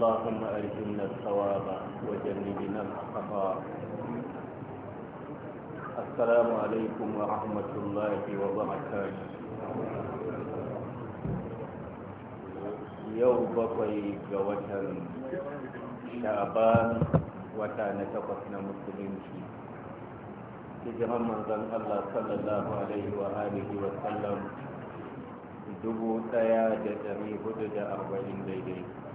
اللهم أرجنا الثواب وجنبنا الخطا السلام عليكم ورحمة الله وبركاته yau bakwai ga watan shaban wata na takwas na musulunci hijiran manzon Allah sallallahu alaihi wa alihi wa sallam dubu daya da dari hudu da arba'in daidai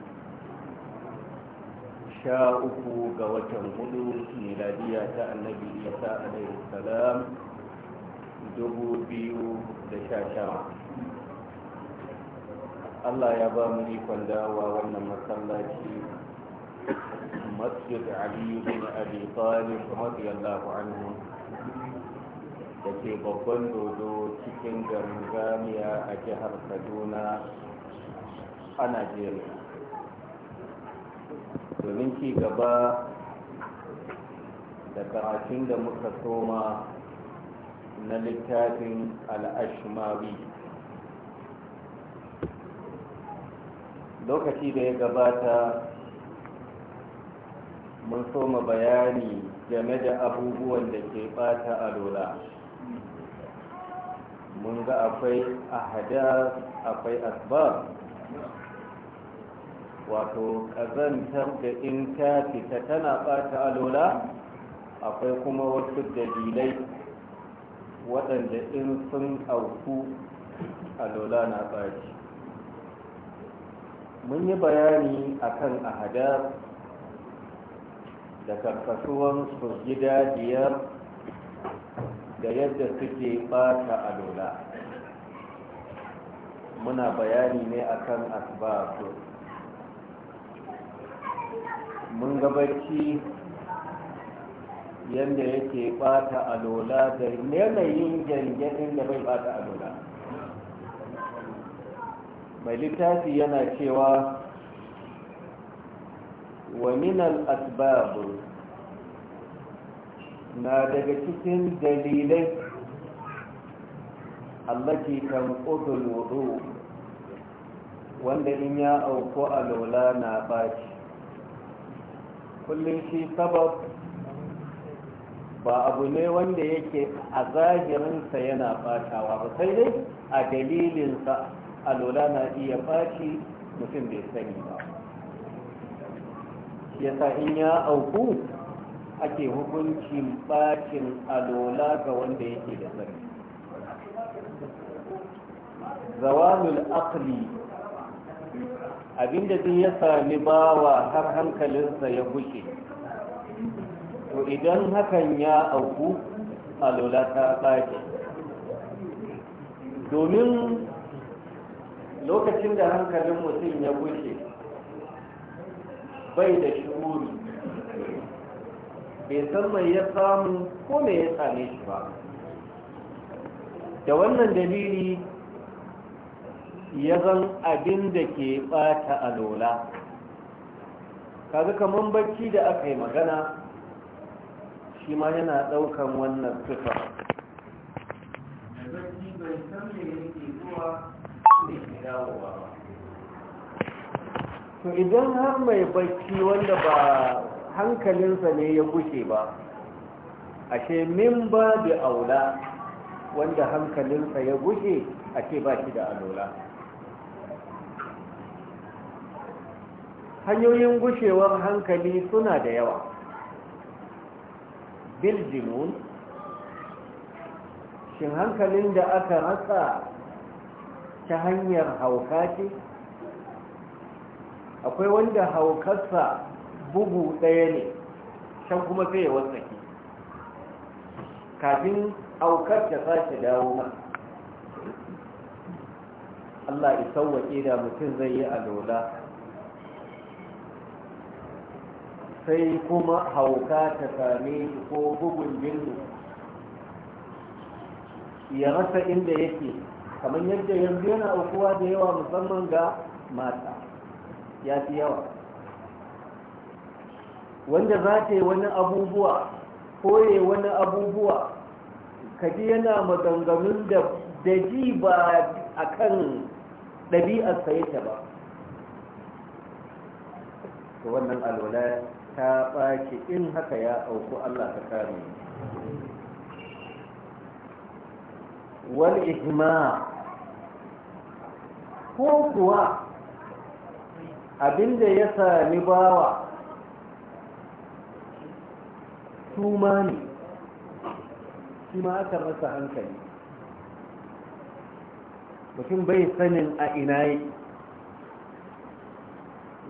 sha uku ga watan hudu miladiya ta annabi isa alaihi salam dubu biyu da sha allah ya ba mu ikon dawa wannan masallaci masjid ali bin abi talib radiyallahu anhu da ke babban dodo cikin garin a jihar kaduna a najeriya domin ci gaba da karatun da muka soma na littafin al'ashmawi lokaci da ya gabata mun soma bayani game da abubuwan da ke bata alola mun ga akwai ahada akwai asbab wato kazantar da in ta fita tana ɓata alola akwai kuma wasu dalilai waɗanda in sun auku alola na ɓaci mun yi bayani akan ahadar da karkasuwan su gida biyar da yadda suke ɓata alola muna bayani ne akan asibar mun gabarci yadda yake bata alola da yanayin jirgin da bai bata alola mai littafi yana cewa wa minal asbabu na daga cikin dalilai Allah ke kan ƙudurwuru wanda in ya auku alola na baci kullum shi sabab ba abu ne wanda yake a zahirinsa yana fatawa ba sai dai a dalilinsa alola na iya fashi mutum bai sani ba yasa in ya auku ake hukuncin bacin alola ga wanda yake da sani zawamul aqli abinda zai ya sami bawa har hankalinsa ya buke to idan hakan ya auku alola ta tsaki, domin lokacin da hankalin mutum ya bushe bai da shuri bai san mai ya samu ko mai ya same shi ba da wannan dalili ya zan abin da ke bata alola kaga kamar bacci da aka yi magana shi ma yana daukan wannan sifa to idan har mai bacci wanda ba hankalinsa ne ya gushe ba ashe min ba da aula wanda hankalinsa ya gushe ake ba shi da alola hanyoyin gushewar hankali suna da yawa biljinun shin hankalin da aka rasa ta hanyar hauka ce akwai wanda haukarsa bugu ɗaya ne shan kuma sai ya ke. kafin haukar ta sace dawo ma Allah ya sauwaƙe da mutum zai yi alola sai kuma hauka ta same ko bugun jindu ya rasa inda yake kamar yadda yanzu yana aukuwa da yawa musamman ga mata ya fi yawa wanda za ta yi wani abubuwa koye wani abubuwa kaji yana maganganun da daji ba a kan ɗabi'arsa ta ba wannan alwala ta ɓaki in haka ya auku Allah ta kare wal ijma ko kuwa abinda ya sami bawa tuma ne shi ma rasa hankali mutum bai sanin a ina yi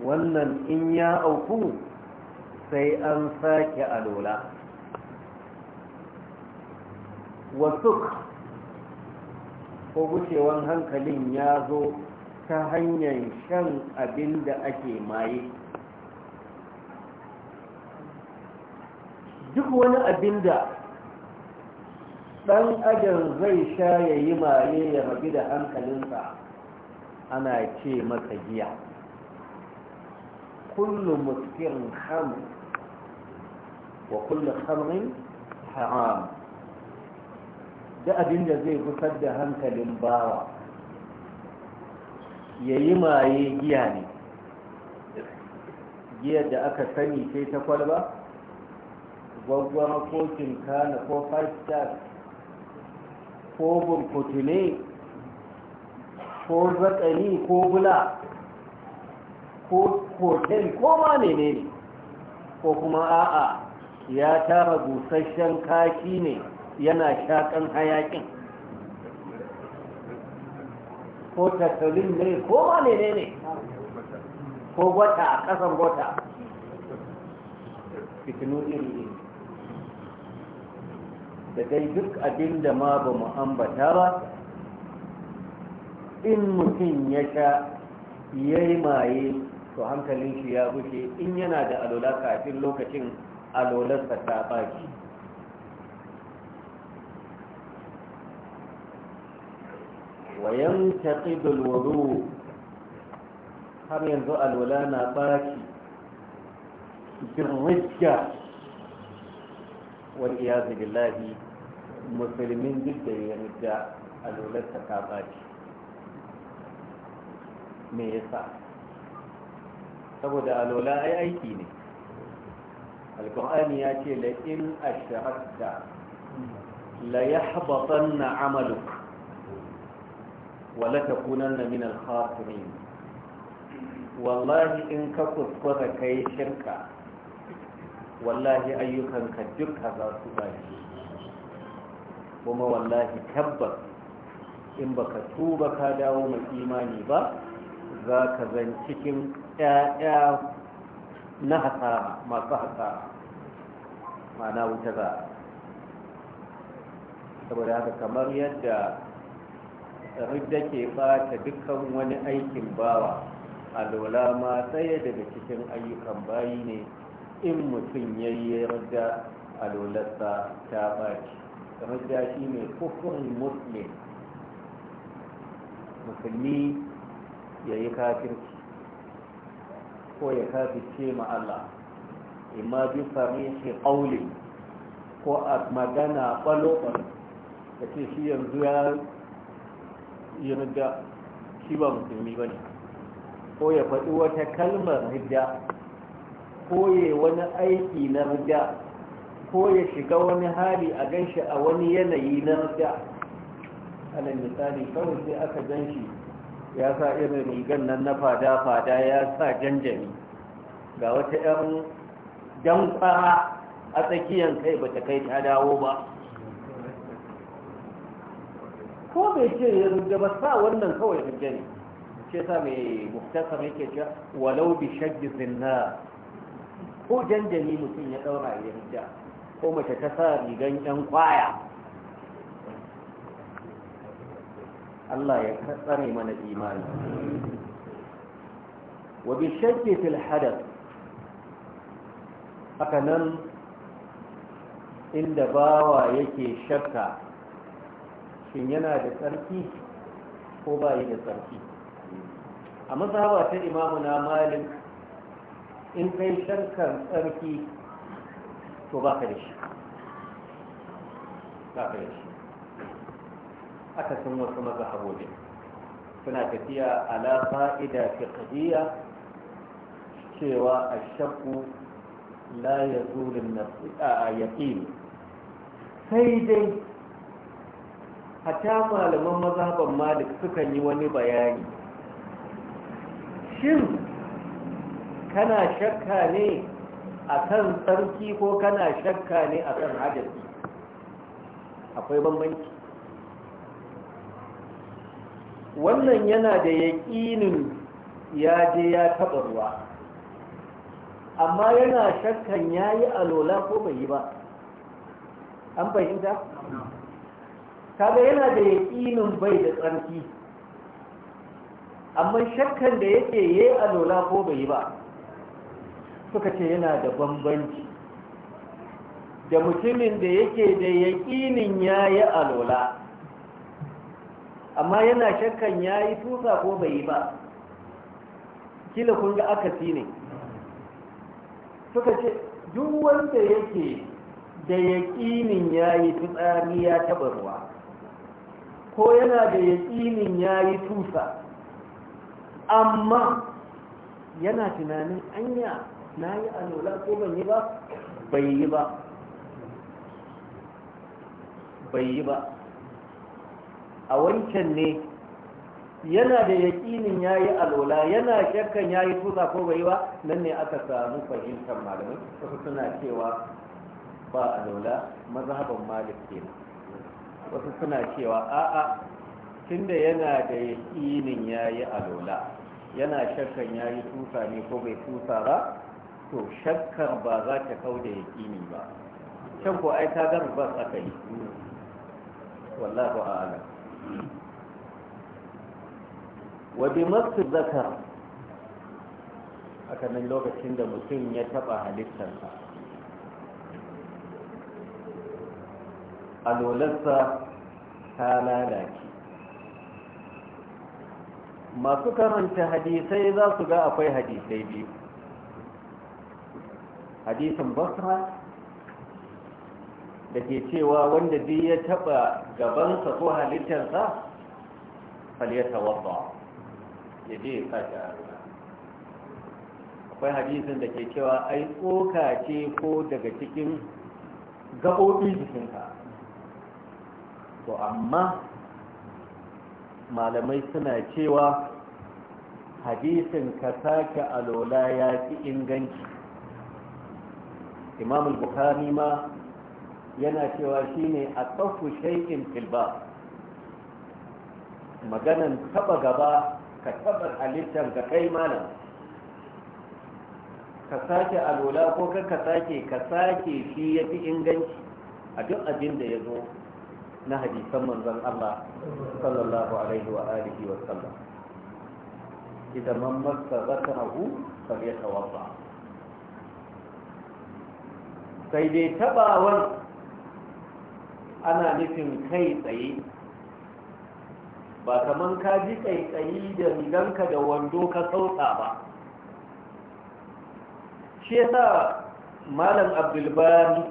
wannan in ya auku sai an sake alola wasu ko wucewan hankalin ya zo ta hanyar shan abin da ake maye duk wani abin da ɗan ajin zai sha ya yi maye ya rabi da hankalinsa ana ce masa giya kullum mutum hamsin وكل خمر حرام da abin da zai kusa da hankalin bawa ya yi maye giya ne giyar da aka sani sai ta kwalba gwaggwama ko kinkana ko five stars ko burkutule ko zakani ko bula ko kotel, ko ma ne ne ko kuma a'a ya tara busasshen kaki ne yana shakan hayakin ko tattalin ne ko ma ne ko gwata a ƙasan gwata fitinu iri da dai duk abin da ma ba mu ambata ba in mutum ya sha ya maye to hankalin shi ya bushe in yana da alola kafin lokacin alolarsa ta baki wayan taƙidul wuru har yanzu alola na baki birrijiya wani ya billahi musulmin duk da ya alolarsa ta baki me yasa saboda alola ai aiki ne alkur'ani ya ce la in ashrakta la yahbatanna 'amaluk wa la takunanna min al-khasirin wallahi in ka kuskura kai shirka wallahi ayyukanka duka za su bashi kuma wallahi tabbas in baka tuba ka dawo mai imani ba za ka zan cikin 'ya'ya na hasara masu hasara ma'ana wuta za saboda haka kamar yadda ridda ke ɓata dukkan wani aikin bawa a lola ma tsaye daga cikin ayyukan bayi ne in mutum ya yi ridda a lolarsa ta ɓaci ridda shi ne kufurin musulmi musulmi ya yi kafirci ko ya ce ma Allah imma bi sarihi qawli ko a magana kwalo da kace shi yanzu ya yarda shi ba musulmi bane ko ya faɗi wata kalmar hijja ko ya wani aiki na rida ko ya shiga wani hali a ganshi a wani yanayi na hijja alal misali kawai sai aka ganshi ya sa irin rigan nan na fada-fada ya sa janjami ga wata 'yan damfara a tsakiyar kai ba ta kai ta dawo ba ko mai ce ya rujja ba sa wannan kawai rujja ce sa mai muftasar yake ce walau bi shaggi zinna ko janjani mutum ya daura ya rujja ko mace ta sa rigan yan kwaya Allah ya tsare mana imani wa bi fil haka nan inda bawa yake shakka shin yana da tsarki ko ba da tsarki a mazhaba ta imamu na malin in kai shakkar tsarki to ba ka da shi ba ka da shi aka san wasu mazhabobin suna tafiya ala fa'ida fiqhiyya cewa ashaqu la yazul an nafsi a yaqin sai dai hatta malaman mazhaban malik sukan yi wani bayani shin kana shakka ne akan tsarki ko kana shakka ne akan hadasi akwai bambanci wannan yana da yaƙinin ya je ya taɓa ruwa amma yana shakkan ya yi alola ko bai yi ba an fahimta? kaga yana da yaƙinin bai da tsarki amma shakkan da yake ya yi alola ko bai yi ba suka ce yana da bambanci da mutumin da yake da yaƙinin ya yi alola amma yana shakkan ya yi tusa ko bai yi ba kila kun ga akasi ne suka ce duk wanda yake da yaƙinin ya yi fitsari ya taɓa ruwa ko yana da yaƙinin ya yi tusa amma yana tunanin anya na yi alola ko ban yi ba bai yi ba bai yi ba a wancan ne yana da yakinin ya yi alola yana shakkan ya yi tusa ko bai ba nan ne aka samu fahimtar malamai wasu suna cewa ba alola mazhaban malik kenan wasu suna cewa a'a tunda yana da yaƙinin ya yi alola yana shakkan ya yi tusa ne ko bai tusa ba to shakkar ba za ta kau da yakini ba can ko ai ta ba aka yi wallahu a'lam wadimar zakar haka lokacin da mutum ya taba halittarsa alolarsa ta lalace masu karanta hadisai za su ga akwai hadisai biyu hadisin basra da ke cewa wanda dai ya taba gabansa ko halittarsa faliyata wadda ya je ya sa akwai hadisin da ke cewa ai tsoka ce ko daga cikin gaɓoɓi jikinka to amma malamai suna cewa hadisin ka sake alola ya fi inganci imamul bukari ma yana cewa shi ne a tsofu shaikin filba maganan taba gaba ka taba halittar ga kai malam ka sake alola ko ka ka sake ka sake shi ya fi inganci a duk abin da ya zo na hadisan manzan Allah sallallahu alaihi wa alihi wa sallam hagu, man masa zakarahu wasa sai dai tabawan ana nufin kai tsaye ba kaman ka ji tsaye da riganka da wando ka sauka ba shi yasa malam abdulbari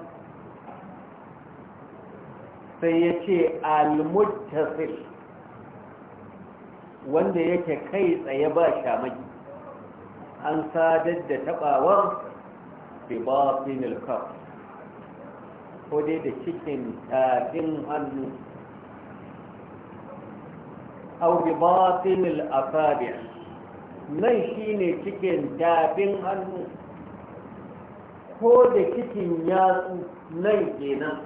sai ya ce almuttasir wanda yake kai tsaye ba shamaki an sadar da tabawar bibafinil kaf ko dai da cikin ɗin ah, hannu au bi batinil asabi nan shi ne cikin daɗin hannu ko da cikin yatsu nan kenan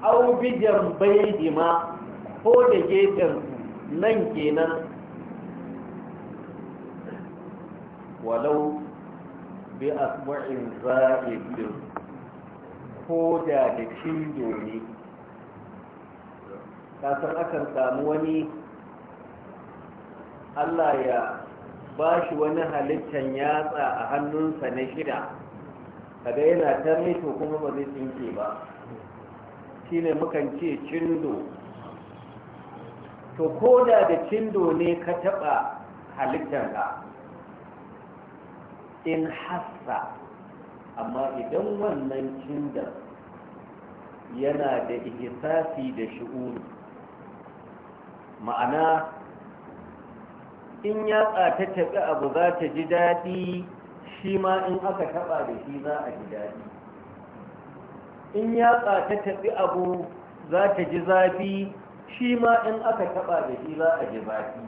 aubijan bi jambai dima ko da gefen nan kenan walau bi asma'in za'idin ko da da cindo ne kasar akan samu wani allah ya ba shi wani halittar yatsa a hannunsa na shida kada yana ta to kuma ba zai tsinke ba shi ne mukan ce cindo to ko da da cindo ne ka taɓa halittarka in hassa amma idan wannan cinda yana da ihsasi da shi'uri ma'ana in ya ta tafi abu za ta ji daɗi shi ma in aka taɓa da shi za a ji daɗi in ya ta tafi abu za ta ji zafi shi ma in aka taɓa da shi za a ji zafi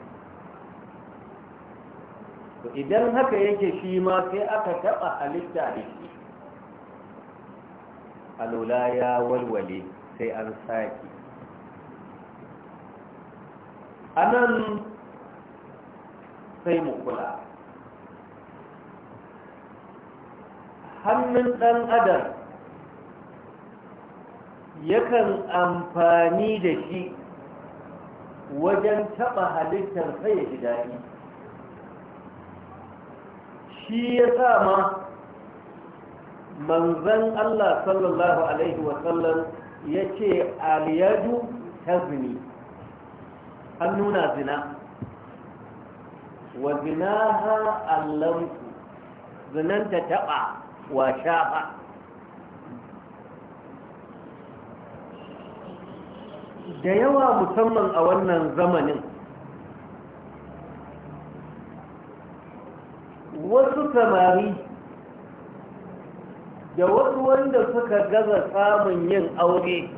to idan haka yake shi ma sai aka taɓa halitta da shi alula ya walwale sai an sake a sai mu kula hannun ɗan adam yakan amfani da shi wajen taɓa halittar sai ya ji daɗi shi ya sa ma manzan Allah sallallahu Alaihi wasallam ya ce aliyadu ta zini an nuna zina wa zina ha allamku zinanta taɓa wa shafa da yawa musamman a wannan zamanin wasu samari da wasu wanda suka gaza samun yin aure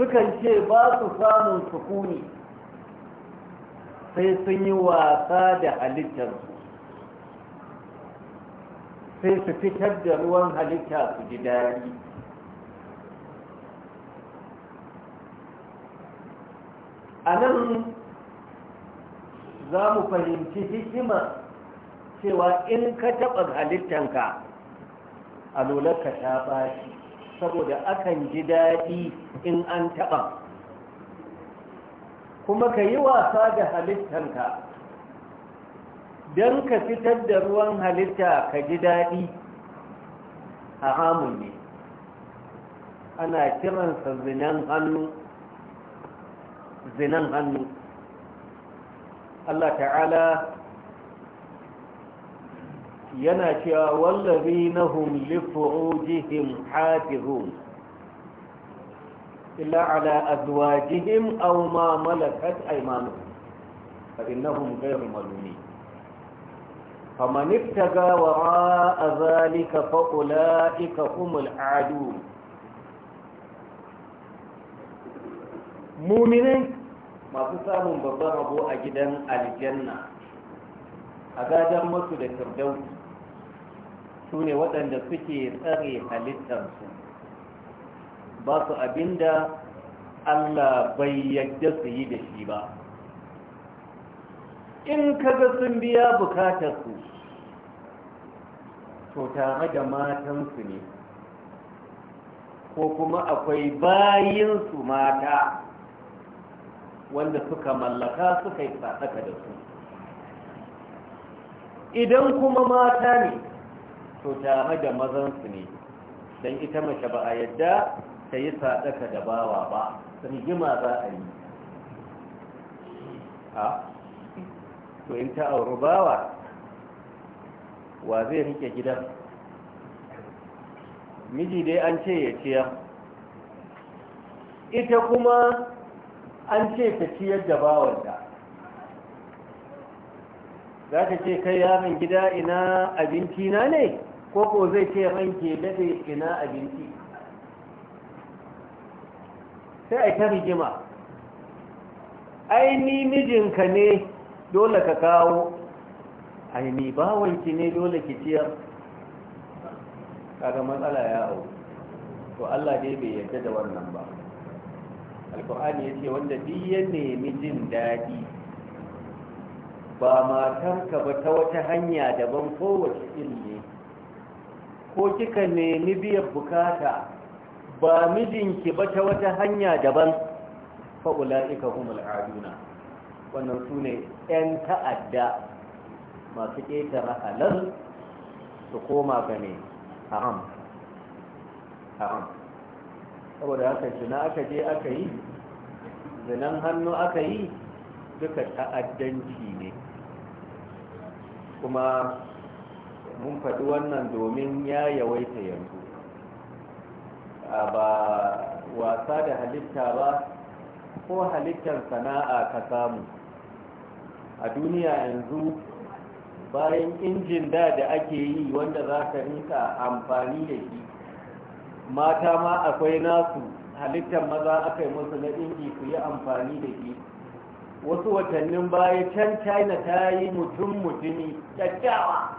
sukan ce ba su samun sukuni sai sun yi wasa da halittarsu sai su fitar da ruwan halitta su ji daɗi a nan za mu fahimci hikima cewa in ka taɓa halittanka a ka ta ɓaci saboda akan ji daɗi in an taɓa kuma ka yi wasa da halittanka don ka fitar da ruwan halitta ka ji daɗi a hamun ne ana kiransa zinan hannu zinan hannu Allah ta'ala yana cewa wallabi na hum lifu'ujihim hafizun illa ala azwajihim aw ma malakat aymanuhum fa innahum ghayru malumin فمن ابتغى وراء ذلك فأولئك هم العادون muminai masu samun babban rabo a gidan aljanna a gajen masu da firdausi su ne waɗanda suke tsare halittarsu ba su abinda allah bai yadda su yi da shi ba in kaga sun biya bukatarsu to tare da matansu ne ko kuma akwai bayinsu mata wanda suka mallaka suka yi tsaka da su idan kuma mata ne to tare da mazansu ne don ita mace ba a yadda ta yi tsaka da bawa ba gima za a yi a to in ta auri bawa wa zai rike gidan miji dai an ce ya ciya. ita kuma an ce ka ciyar da bawar da za ka ce kai yaron gida ina abinci na ne ko ko zai ce ranke dade ina abinci sai a ta gima. aini mijinka ne dole ka kawo aini bawanki ne dole ki ciyar kaga matsala ya yawo to Allah dai bai yarda da wannan ba alkur'ani ya ce wanda duk ya nemi jin daɗi ba matarka ba ta wata hanya daban kowace ilmi ko kika nemi biyar bukata ba mijinki ba ta wata hanya daban fa'ula'ika humul aduna wannan su ne 'yan ta'adda masu ƙetare halar su koma gane haram haram saboda haka zina aka je aka yi zinan hannu aka yi duka ta'addanci ne kuma mun faɗi wannan domin ya yawaita yanzu a ba wasa da halitta ba ko halittar sana'a ka samu a duniya yanzu bayan injin da da ake yi wanda za ka rinka amfani da shi mata ma akwai nasu halittar maza aka yi musu na inji su yi amfani da shi wasu watannin baya can china ta yi mutum mutumi kyakkyawa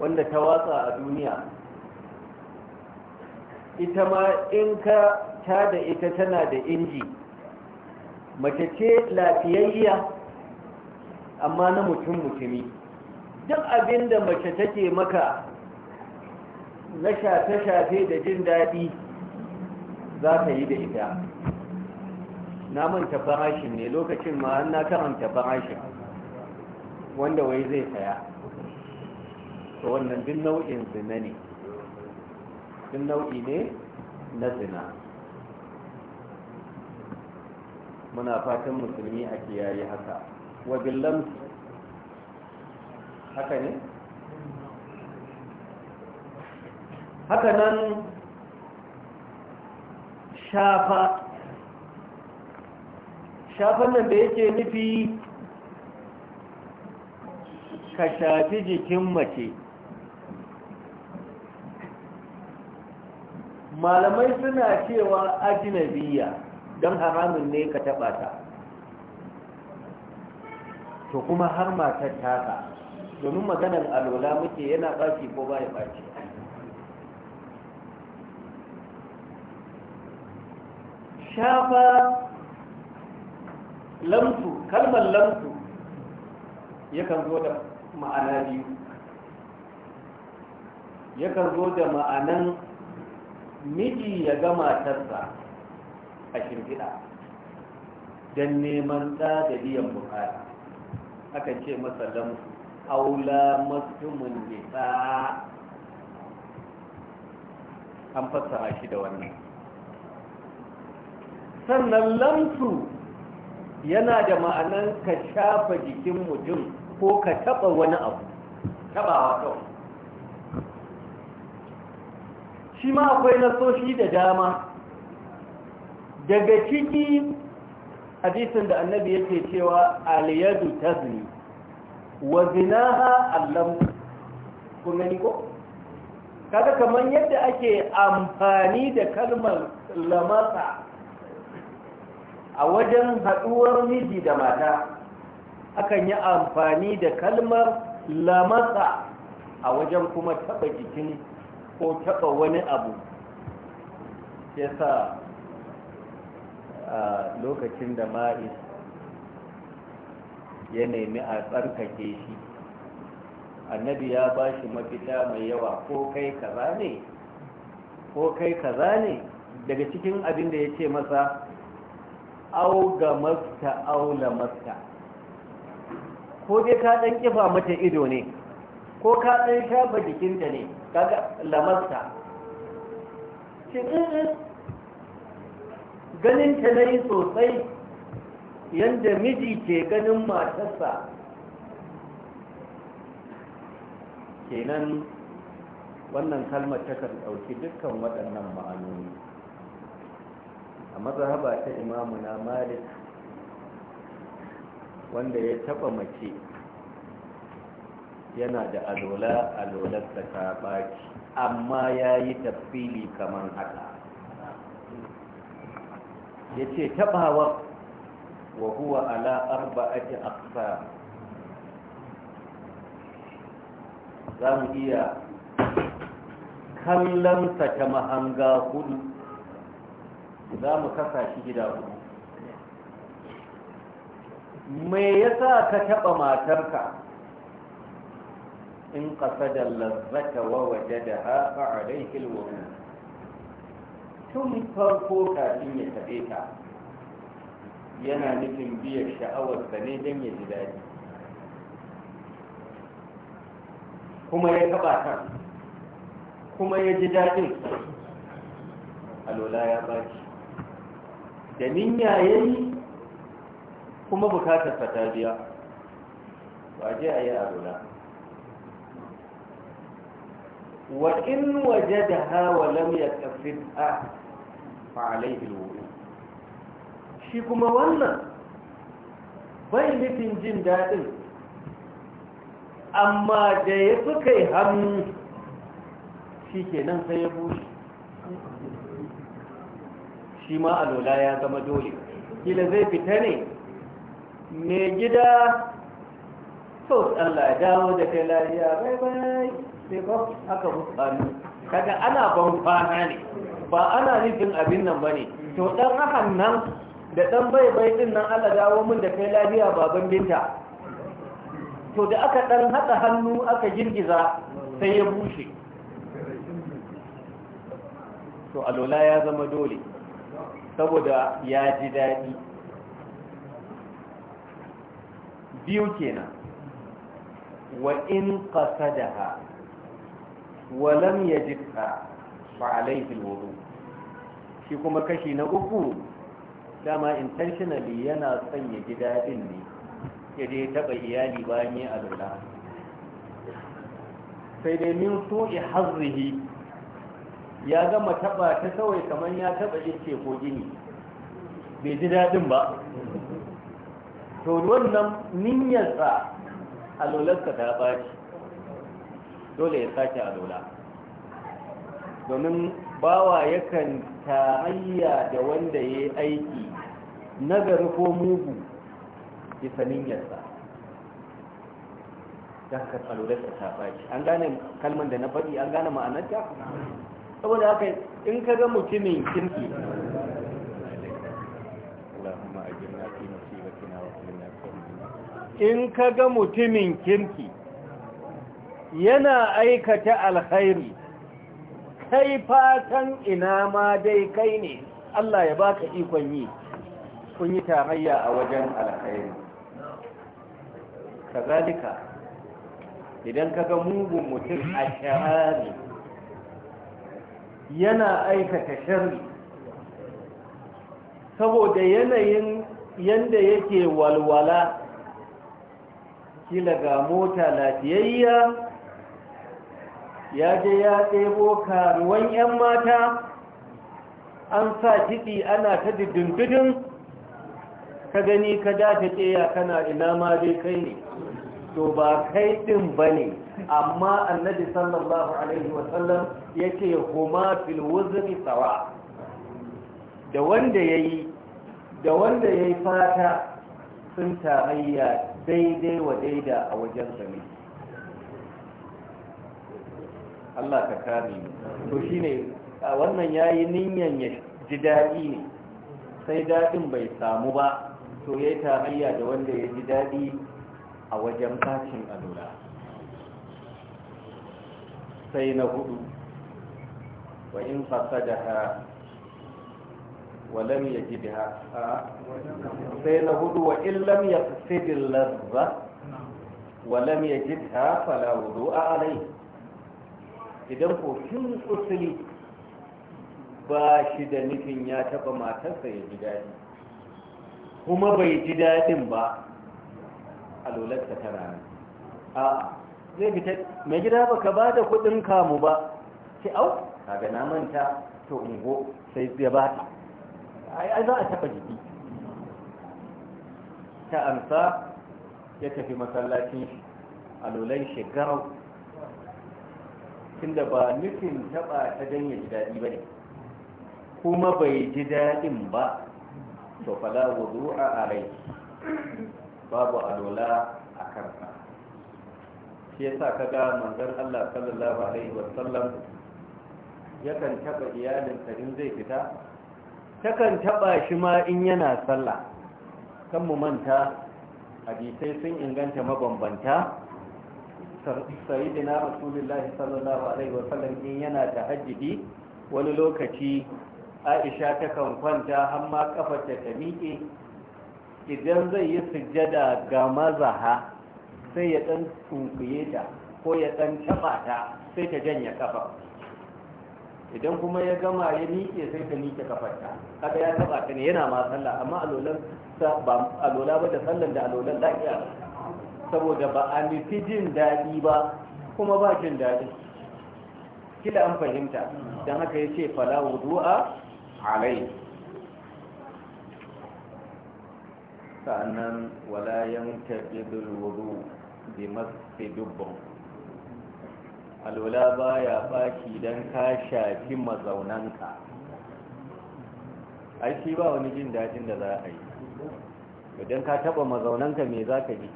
wanda ta watsa a duniya ita ma in ka ta da ita tana da inji mace ce lafiyayya amma na mutum mutumi duk abinda mace take maka na shafe-shafe da jin daɗi za ka yi da ita na manta farashin ne lokacin ma na karanta farashin wanda wai zai saya to wannan duk nau'in zina ne duk nau'i ne na zina muna fatan musulmi a kiyaye haka wa billam haka ne haka nan shafa shafan nan da yake nufi ka shafi jikin mace malamai suna cewa ajinabiya don haramun ne ka taɓa ta to kuma har matar taka domin maganar alola muke yana baki ko ba ya baki shafa lamtu kalmar lamtu yakan zo da ma'ana biyu yakan zo da ma'anan miji ya ga matarsa a shirgida don neman ta da biyan bukata akan ce masa lamtu aula matumin nisa an fassara shi da wannan sannan lamsu yana da ma'anan ka shafa jikin mutum ko ka taba wani abu tabawa wato shi ma akwai nasoshi da dama daga ciki hadisin da annabi yake cewa aliyadu tazni wa zinaha allam kun gani ko kaga kamar yadda ake amfani da kalmar lamasa a wajen haɗuwar miji da mata akan yi amfani da kalmar lamasa a wajen kuma taɓa jikin ko taɓa wani abu Ya sa a lokacin da ma'is ya nemi a tsarkake shi annabi ya ba shi mafita mai yawa ko kai kaza ne ko kai kaza ne daga cikin abin da ya ce masa au ga masta au la masta ko dai ka dan kifa mata ido ne ko ka dan shafa jikinta ne kaga la masta eh, eh, ganin ta nayi sosai yanda miji ke ganin matarsa kenan wannan kalmar takan ɗauki dukkan waɗannan ma'anoni a mazhaba ta imamu na malik wanda ya taba mace yana da alola alolarsa ta baki amma ya yi tafili kamar haka ya ce tabawa wa huwa ala ake aksa za mu iya kallonsa ta mahanga hudu za mu kasa shi gida uku me yasa ka taɓa matarka in qasada lazzaka wa wajadaha fa alayhi alwudu tun farko kafin ya taɓe ta yana nufin biyar sha'awar da ne don ya ji daɗi kuma ya taɓa ta kuma ya ji daɗin alola ya baki da niyya yayi kuma bukatar ta biya ba je ayi aruna wa in wajadaha wa lam yakfidha fa alayhi alwudu shi kuma wannan bai nufin jin daɗin. amma da ya fi kai hannu shi kenan sai ya bushe shi ma alola ya zama dole gida zai fita ne mai gida so Allah ya dawo da kai lariya bai bai sai ba aka mutsani kaga ana ban kwana ne ba ana nufin abin nan ba ne, to ɗan hakan nan da ɗan bai bai ɗin nan Allah dawo min da kai lafiya baban binta to da aka ɗan haɗa hannu aka girgiza sai ya bushe to alola ya zama dole saboda ya ji daɗi biyu kenan wa in qasadaha wa lam yajidha fa alayhi alwudu shi kuma kashi na uku dama intentionally yana son ya ji daɗin ne ya je taɓa iyali bayan ya alula sai dai min su'i hazzihi ya gama taba ta kawai kamar ya taba yin ko gini bai ji daɗin ba to wannan niyyarsa lolarsa ta ɓaci dole ya sake lola domin bawa yakan ta'ayya da wanda ya yi aiki nagari ko mugu bisa niyyarsa ta haka alolarsa ta ɓaci an gane kalmar da na faɗi an gane ma'anarta saboda haka in ka ga mutumin kirki in ka ga mutumin kirki yana aikata alkhairi kai fatan ina ma dai kai ne Allah ya baka ikon yi kun yi tarayya a wajen alkhairi kazalika idan ka ga mugun mutum a shahari yana aikata shari saboda yanayin yanda yake walwala kila ga mota lafiyayya ya je ya ɗebo karuwan 'yan mata an sa kiɗi ana ta dindindin ka gani ka dace ƙeya kana ina ma dai kai ne to ba kai ɗin ba ne amma annabi sallallahu alaihi wasallam ya ce kuma wuzni sawa da wanda ya yi da wanda ya yi fata sun tarayya daidai wa daida a wajen sami Allah ka kame to shi ne wannan ya yi niyan ya ji daɗi ne sai daɗin bai samu ba to ya yi tarayya da wanda ya ji daɗi a wajen bacin alula sai na hudu wa in fasada ha walam yajid ha sai na hudu wa in lam yafsid al-ladha walam ta ha fala a alayhi idan ko kin usuli ba shi da nufin ya taba matarsa ya ji dadi kuma bai ji dadin ba a lolar ta rana, a zai fita mai gida ba ka ba da kudin kamu ba ce au kaga na manta to ungo sai ya ba ta ai za a taba jiki ta amsa ya tafi masallacin alulan shekarau tunda ba nufin taba ta danya ji daɗi ba ne kuma bai ji daɗin ba to fala a arai babu alola a kansa shi yasa kaga manzon Allah sallallahu alaihi wasallam yakan taba iyalin in zai fita takan taba shi ma in yana sallah kan mu manta hadisai sun inganta mabambanta sayyidina rasulullahi sallallahu alaihi sallam in yana tahajjudi wani lokaci Aisha ta kan kwanta har ma kafa ta miƙe idan zai yi sujjada ga mazaha sai ya ɗan tunkuye ta ko ya ɗan taɓa ta sai ta janye kafa idan kuma ya gama ya miƙe sai ta miƙe ta kada ya taɓa ta ne yana ma sallah amma alolan ba alola ba da sallan da alolan lafiya saboda ba a nufi jin daɗi ba kuma ba jin daɗi kila an fahimta don haka ya ce fala wudu'a alai sa'annan wala yanka idul wudu' bi masu dubban alwala baya baki don ka shafi mazaunanka ai shi ba wani jin daɗin da za a yi idan ka taba mazaunanka me za ka ji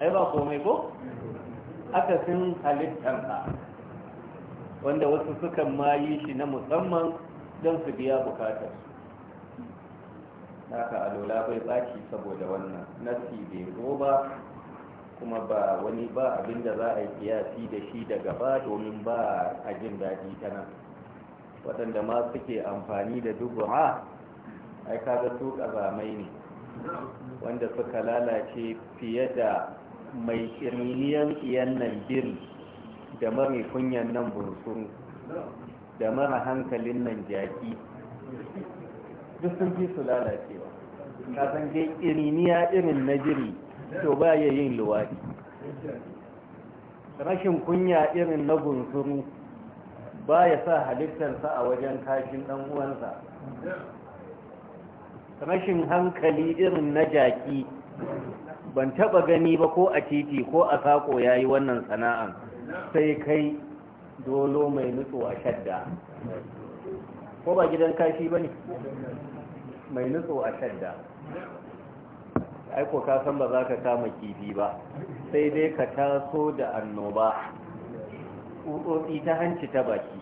ai ba komai ko aka sun ka wanda wasu sukan mayi shi na musamman don su biya bukatarsu haka alola bai tsaki saboda wannan nasi bai zo ba kuma ba wani ba abin da za a yi kiyasi da shi daga ba domin ba a jin daɗi ta nan waɗanda ma suke amfani da ha ai kaga su ƙazamai ne wanda suka lalace fiye da mai kirniyan iyan nan bil da mara kunyan nan bursuru da mara hankalin nan jaki duk sun fi su lalace ka san iriniya irin na jiri to ba ya yin luwadi rashin kunya irin na gunsuru ba ya sa halittarsa a wajen kashin ɗan uwansa rashin hankali irin na jaƙi ban taɓa gani ba ko a titi ko a saƙo ya yi wannan sana'an sai kai dolo mai nutsuwa shadda ko ba gidan kashi ba ne mai nutsuwa shadda aiko ka san ba za ka kama kifi ba sai dai ka taso da annoba tsutsotsi ta hanci ta baki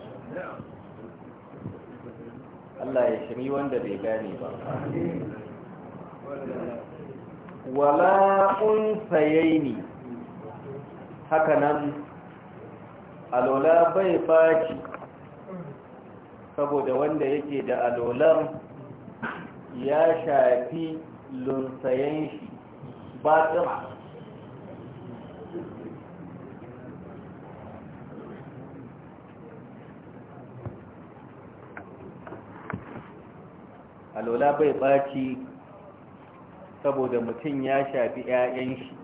Allah ya shiri wanda bai gane ba wala sayaini haka nan alola bai faci saboda wanda yake da alolan ya shafi lunsayen shi ba tsira alola bai baci saboda mutum ya shafi 'ya'yan shi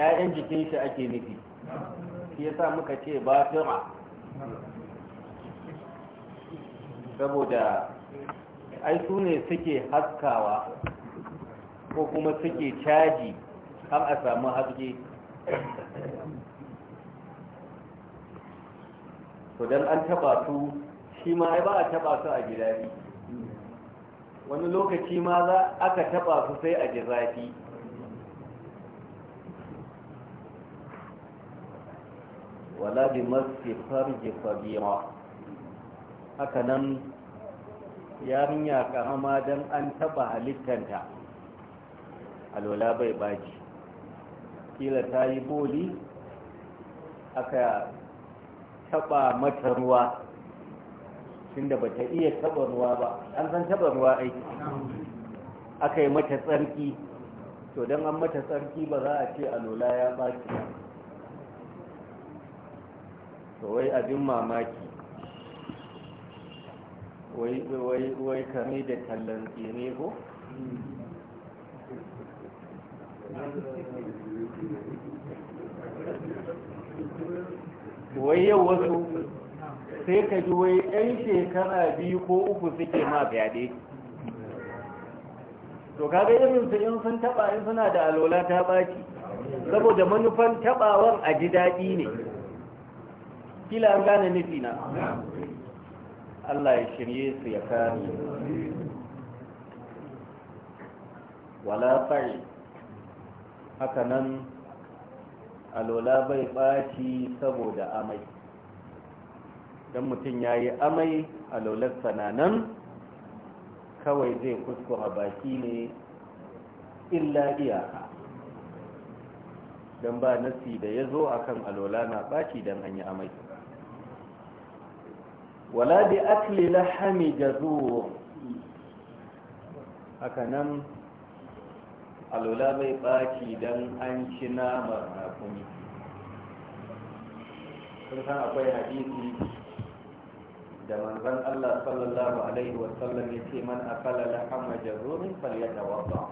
'ya'yan jikin shi ake nufi shi sa muka ce ba tsira saboda ai su ne suke haskawa ko kuma suke caji har a samu haske to don an taba su shi ma ai ba a taba su a gidari wani lokaci ma za aka taba su sai a ji zafi wala bi masu farge fabira haka nan yarinya hama don an taba halittanta alola bai baki kila ta yi boli aka taba mata ruwa tunda ba ta iya taba ruwa ba an san taba ruwa aiki aka yi mata tsarki to don an mata tsarki ba za a ce alola ya baki to wai abin mamaki wai kame da tallan tsere ko? wai yau wasu sai ka ji wai 'yan shekara biyu ko uku suke ma fyaɗe to kaga irin su yin sun taɓa in suna da alola ta ɓaci saboda manufan taɓawan a ji daɗi ne kila an gane nufi na Allah ya shirye su ya kare wala fari haka nan alola bai ɓaci saboda amai don mutum ya yi amai alolarsa na nan kawai zai kuskura baki ne illa iyaka don ba nasi da ya zo akan alola na ɓaci don an yi amai wala bi akli lahami jazur haka nan alula bai baki don an ci namar rakumi sun san akwai hadisi da manzon Allah sallallahu alaihi wasallam ya ce man akala lahama jazurin falyatawadda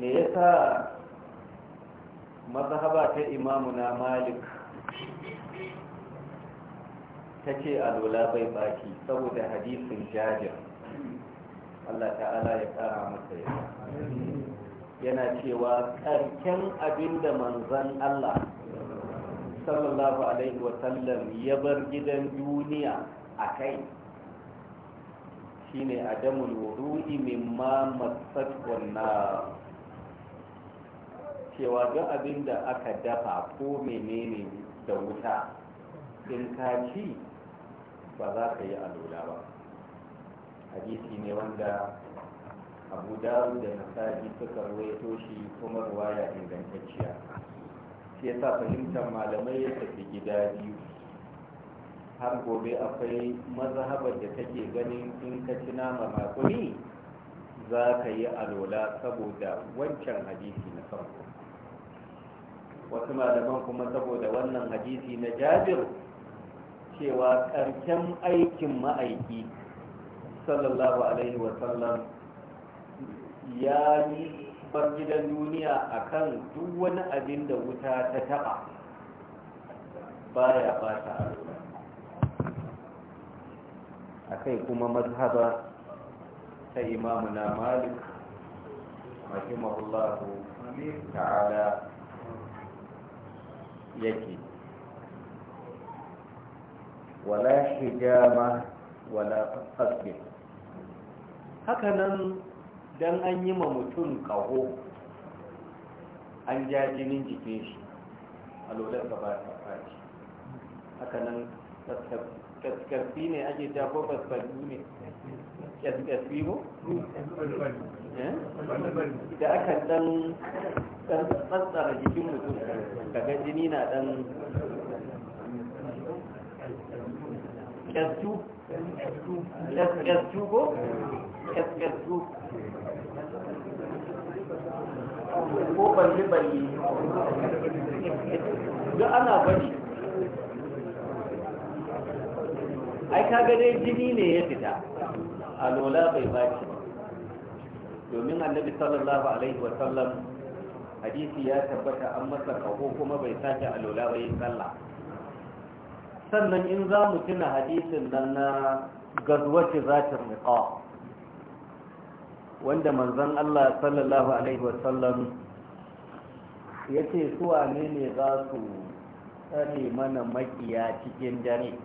me yasa mazhaba ta imamu na malik ta ce alola bai baki saboda hadisin jajir Allah ta'ala ya kara masa ya yana cewa karken abinda manzan Allah sallallahu alaihi wasallam ya bar gidan duniya a kai shine adamul wudu'i mimma matsat na. cewa duk da aka dafa ko menene da wuta in ka ci ba za ka yi alola ba hadisi ne wanda abu daru da nasari suka ruwaito shi kuma ruwaya ingantacciya shi sa fahimtar malamai ya tafi gida biyu har gobe akwai mazhabar da take ganin in ka ci nama makuni za ka yi alola saboda wancan hadisi na farko wasu malaman kuma saboda wannan hadisi na jabir cewa karken aikin ma'aiki sallallahu alaihi wasallam ya yi bar gidan duniya akan duk wani abin da wuta ta taɓa baya ba ta a kai kuma mazhaba ta imamuna malik rahimahullahu ta'ala yake wala hijama wala Haka hakanan dan an yi ma mutum kaho an ja jinin jikin shi a lodar gaba ta faci hakanan kaskarfi ne ake ja ko kaskarfi ne kaskarfi ko? da aka dan tsantsara jikin mutum daga jini na dan ƙasƙasku ƙasƙasku ko ƙasƙasku ko balle balle da ana bari ai kaga dai jini ne ya fita a lola bai baki domin annabi sallallahu alaihi wa sallam hadisi ya tabbata an masa kaho kuma bai sake a lola bai sallah sannan in za mu tuna hadisin nan na gazwace zatar miƙa wanda manzan Allah sallallahu Alaihi wasallam ya ce suwa ne ne za su tsare mana makiya cikin dare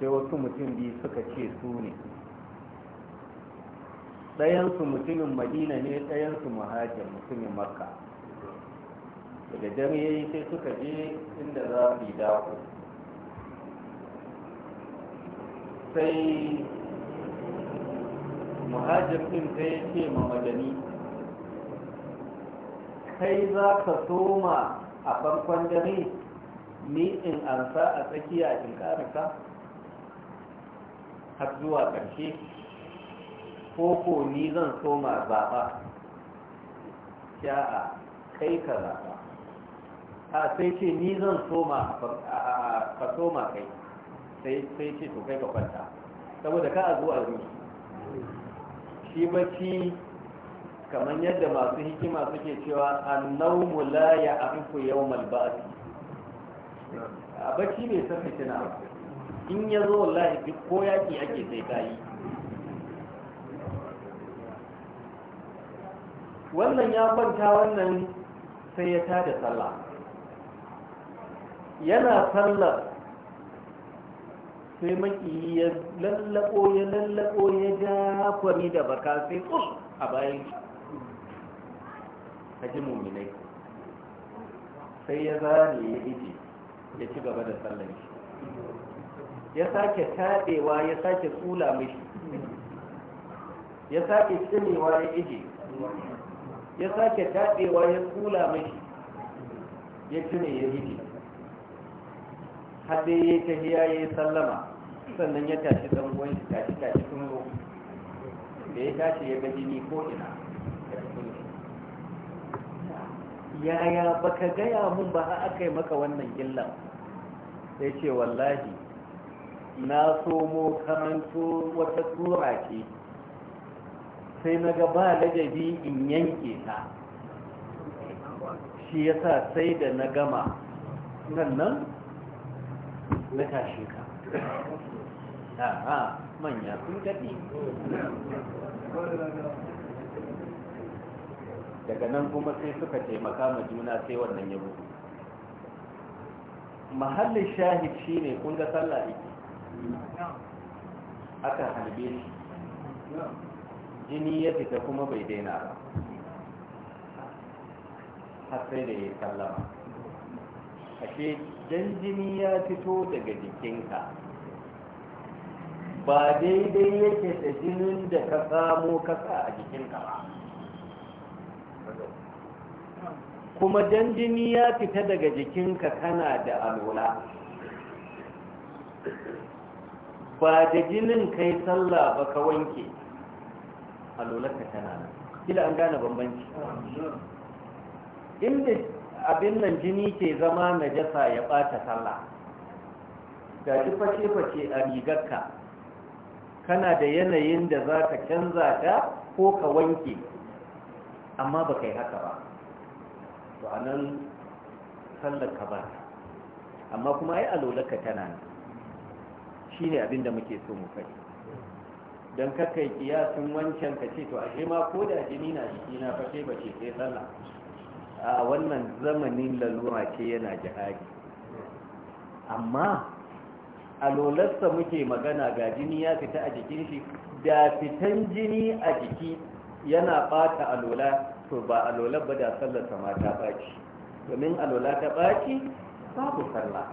sai wasu mutum biyu suka ce su ne ɗayansu mutumin madina ne ɗayansu muhajir mutumin makka daga dare ya yi sai suka je inda za su yi dako sai muhajir ɗin ya ce ma madani kai za ka soma a farkon dare ni in ansa a tsakiya in karika har zuwa ƙarshe ko ko ni zan soma zaɓa sha'a kai ka zaɓa a sai ce ni zan soma ka soma kai sai sai ce to kai ka kwanta saboda ka a zo a zuci shi bacci kamar yadda masu hikima suke cewa annawmu la ya afifu yau ba'd a bacci bai san na in ya zo wallahi duk ko yaki ake sai ka yi wannan ya kwanta wannan sai ya tada sallah yana sallar sai maki ya lallako ya lallako ya ja kwami da baka sai kus a bayan haji muminai sai ya zane ya ije ya ci gaba da tsallon shi ya sake taɗewa ya sake tsula mishi ya sake tsinewa ya ije ya sake taɗewa ya tsula mishi ya cine ya ije har ya ta hiya ya sallama sannan ya tashi don uwan tashi tashi sun zo da ya tashi ya ga jini ko ina yaya baka gaya mun ba a aka yi maka wannan gillan sai ce wallahi na somo karanto wata tura ce sai na ga ba ladabi in yanke ta shi ya sa sai da na gama nan na tashe ka a'a manya sun daga nan kuma sai suka taimaka ma juna sai wannan ya rubu mahallin shahid shi ne kun ga sallah aka halbe shi jini ya fita kuma bai daina ba har sai da ya sallama ashe idan jini ya fito daga jikinka ba daidai yake da jinin da ka samo kasa a jikinka ba kuma dan jini ya fita daga jikinka kana da alola ba da jinin kai sallah ba ka wanke alolarka tana nan kila an gane bambanci inda abin nan jini ke zama najasa ya ɓata sallah ga shi fashe-fashe a rigarka kana da yanayin da za ka canza ta ko ka wanke amma ba ka yi haka ba to a nan ka ba amma kuma ai alolaka tana ne shi ne abin da muke so mu kai don kakai kiyasin wancan ka ce to shi ma ko da jini na jiki na fashe-fashe sai sallah a wannan zamanin lalura ce yana jihadi amma a lolarsa muke magana ga jini ya fita a jikin shi da fitan jini a jiki yana bata alola to ba alola ba da sallarsa ma ta baki domin alola ta baki babu sallah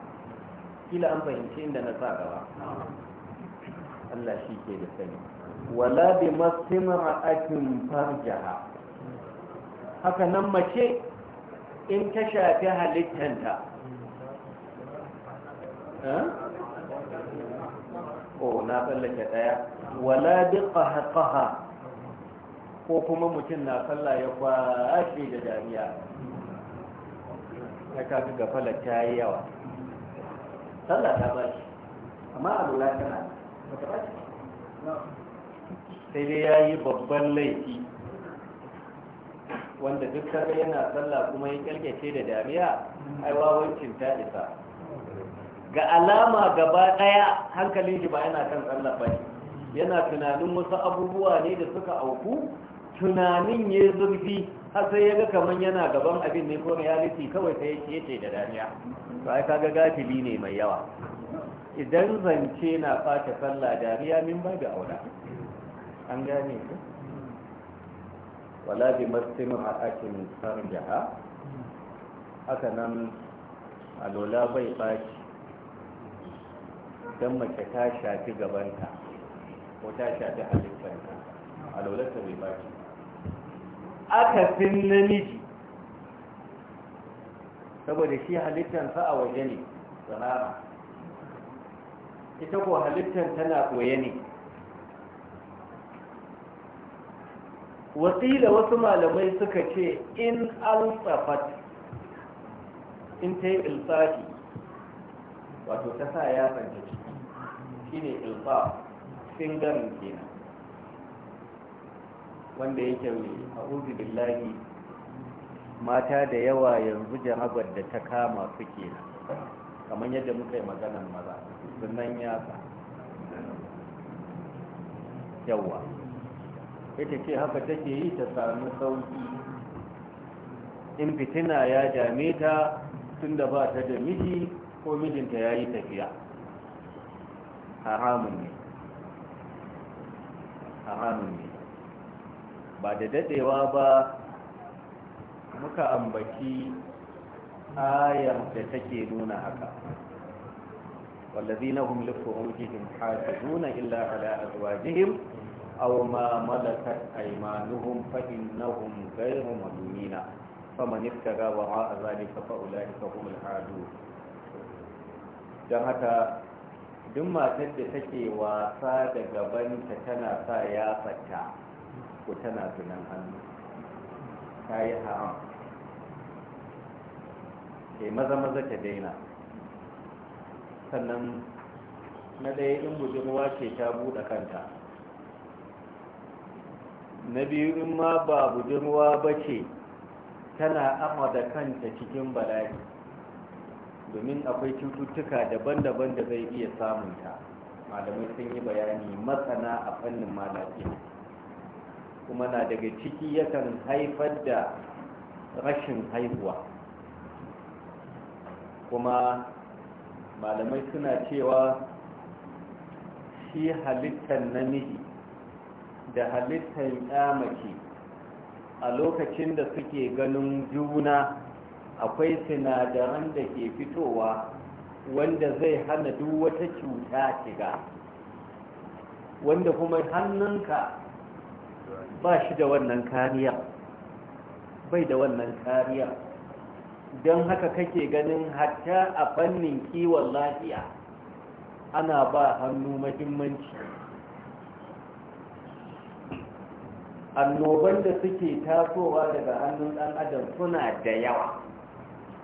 kila an fahimci inda na sa Allah shi ke da sani wala bi masimra'atin farjaha haka nan mace in ta shafi halittanta oh na tsallake ɗaya wala duka haƙaha ko kuma mutum na tsalla ya kwashe da dariya ta kafi gafala ta yi yawa tsalla ta ba shi amma a lura tana sai dai ya yi babban laifi wanda duk kaga yana sallah kuma ya kyalkyace da dariya ai wawancin ta isa ga alama gaba daya hankalin shi ba yana kan sallah ba yana tunanin wasu abubuwa ne da suka auku tunanin ya zurfi har sai ya ga kaman yana gaban abin ne ko reality kawai sai ya ce da dariya to ai kaga gafili ne mai yawa idan zance na fata sallah dariya min ba da aula an gane ku wala bi mastin ha'akin sarjaha haka nan alola bai baki don mace ta shafi gabanta ko ta shafi halittanta alolarta bai baki Aka fin namiji saboda shi halittansa a waje ne tsanara ita ko halittan tana koye ne wasila wasu malamai suka ce in alsafat in ta yi ilfafi? wato ta sa ya shi ciki shine ilsaf singarin kenan wanda yake a uzu billahi mata da yawa yanzu jarabar da ta kama su kenan kamar yadda muka yi maganar maza sunan yasa yawa ita ce haka take yi ta sami sauki in fitina ya dame ta tun da ba ta da miji ko mijinta ya yi tafiya haramun ne haramun ne ba da dadewa ba muka ambaci ayar da take nuna haka والذين هم لفروجهم حافظون إلا على أزواجهم أو ما ملكت أيمانهم فإنهم غير مدينين فمن ابتغى وراء ذلك فأولئك هم العادون don haka duk matar da take wasa da gabanta tana sa ya fata ko tana tunan ta yi haram ke maza-maza ta daina sannan na ɗaya in budurwa ce ta buɗe kanta na biyu in ma ba budurwa ba ce tana amada kanta cikin bala'i domin akwai cututtuka daban-daban da zai iya samunta malamai sun yi bayani matsana a fannin malafi kuma na daga ciki yakan haifar da rashin haihuwa kuma malamai suna cewa shi halittar namiji da halittar yamace a lokacin da suke ganin juna akwai sinadaran da ke fitowa wanda zai hana duk wata cuta shiga wanda kuma hannunka ba shi da wannan kariya bai da wannan kariya don haka kake ganin hatta a fannin kiwon lafiya ana ba hannu mahimmanci annoban da suke tasowa daga hannun ɗan adam suna da yawa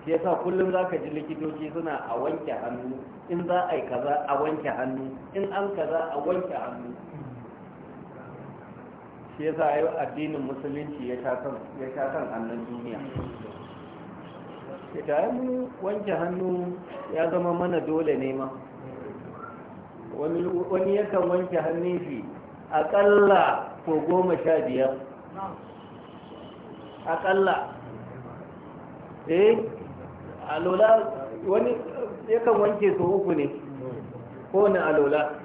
shi yasa kullum za ka ji likitoci suna a wanke hannu in za a yi kaza a wanke hannu in an kaza a wanke hannu shi yasa yau addinin musulunci ya sha kan hannun duniya ita mu wanke hannu ya zama mana dole ne ma wani yakan wanke hannun shi aƙalla ko goma sha biyar aƙalla eh alola wani yakan wanke so uku ne ko na alola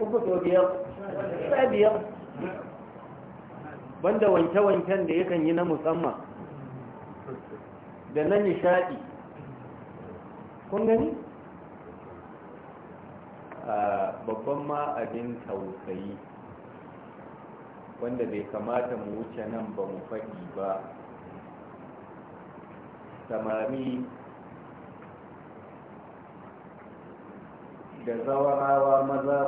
uku so biyar sha biyar banda wanke-wanken da yakan yi na musamman da na nishaɗi kun gani? Ah, babban ma abin tausayi wanda bai kamata mu wuce nan ba mu faɗi ba samari da zawarawa maza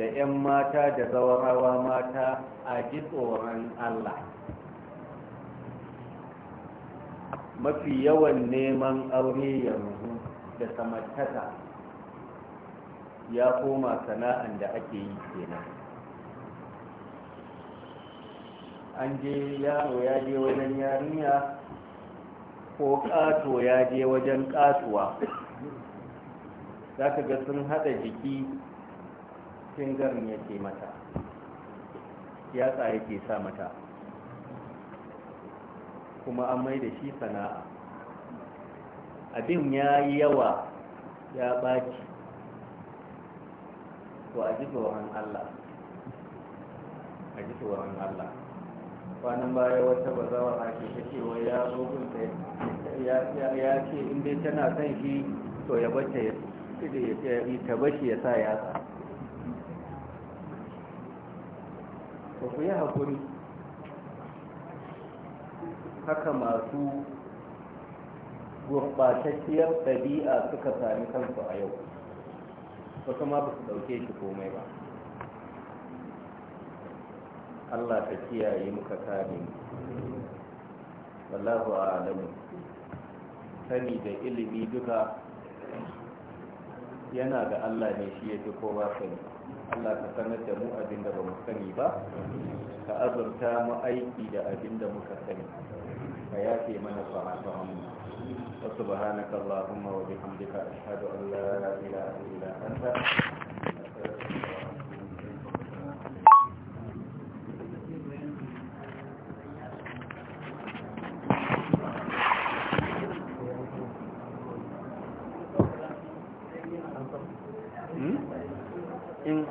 da 'yan mata da zawarawa mata a ji tsoron allah mafi yawan neman aure yanzu da samartaka ya koma sana'an da ake yi kenan an je yaro ya je wajen yarinya ko ƙato ya je wajen ƙatuwa za ka ga sun haɗa jiki fingarin yake mata ya tsaye ke sa mata kuma an mai da shi sana'a abin ya yi yawa ya ɓaci to a ji tsoron allah a ji tsoron allah kwanan baya wata ba a ke ta cewa ya zo gunta ya ce inda dai tana son shi to ya bace ya ta bashi ya sa sa ba ku yi haƙuri haka masu gurɓatacciyar ɗabi'a suka sami kansu a yau wasu ma ba su ɗauke shi komai ba Allah ka kiyaye muka kare wallahu a'lamu sani da ilimi duka yana ga Allah ne shi yake kowa sani Allah ka sanar da mu abin da ba mu sani ba ka azurta mu aiki da abin da muka sani ka yafe mana sahabban mu wa subhanaka allahumma wa bihamdika ashhadu an la ilaha illa anta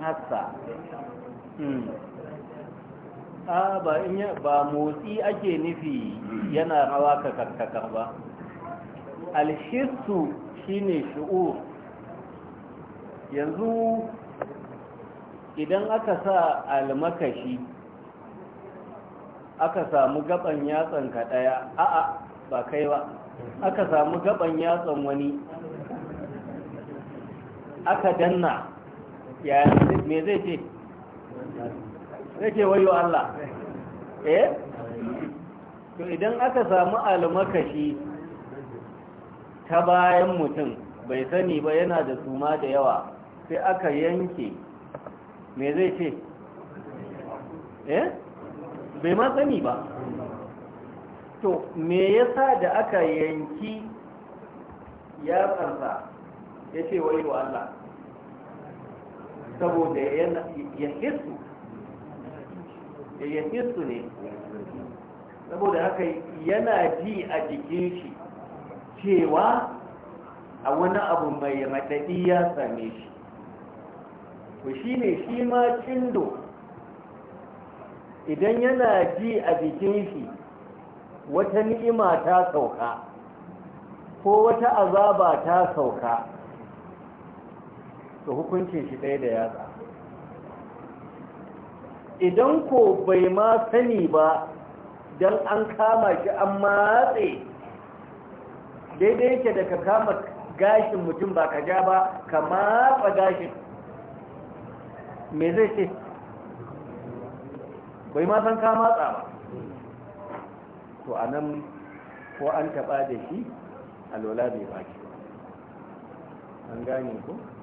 hassa hmm. ba ba motsi ake nufi yana rawa ka karkakar ba alhissu shine shu'ur yanzu idan aka sa almakashi aka samu gaban yatsan ka daya a'a ba kai ba aka samu gaban yatsan wani aka danna ya me zai ce zai ce wayo Allah eh to idan aka samu almakashi ta bayan mutum bai sani ba yana da suma da yawa sai aka yanke me zai ce eh bai ma sani ba to me yasa da aka yanki yatsarsa ya ce wayo Allah saboda ya hisu ya hisu ne saboda haka yana ji a jikin shi cewa a wani abu mai maɗaɗi ya same shi to shi ne shi ma cindo idan yana ji a jikin shi wata ni'ima ta sauka ko wata azaba ta sauka to hukuncin shi ɗaya da yatsa idan ko bai ma sani ba don an kama shi an matse daidai yake da ka kama gashin mutum ba ka ja ba ka matsa gashin me zai ce bai ma san ka matsa ba to a nan ko an taɓa da shi alola bai baki an gane ku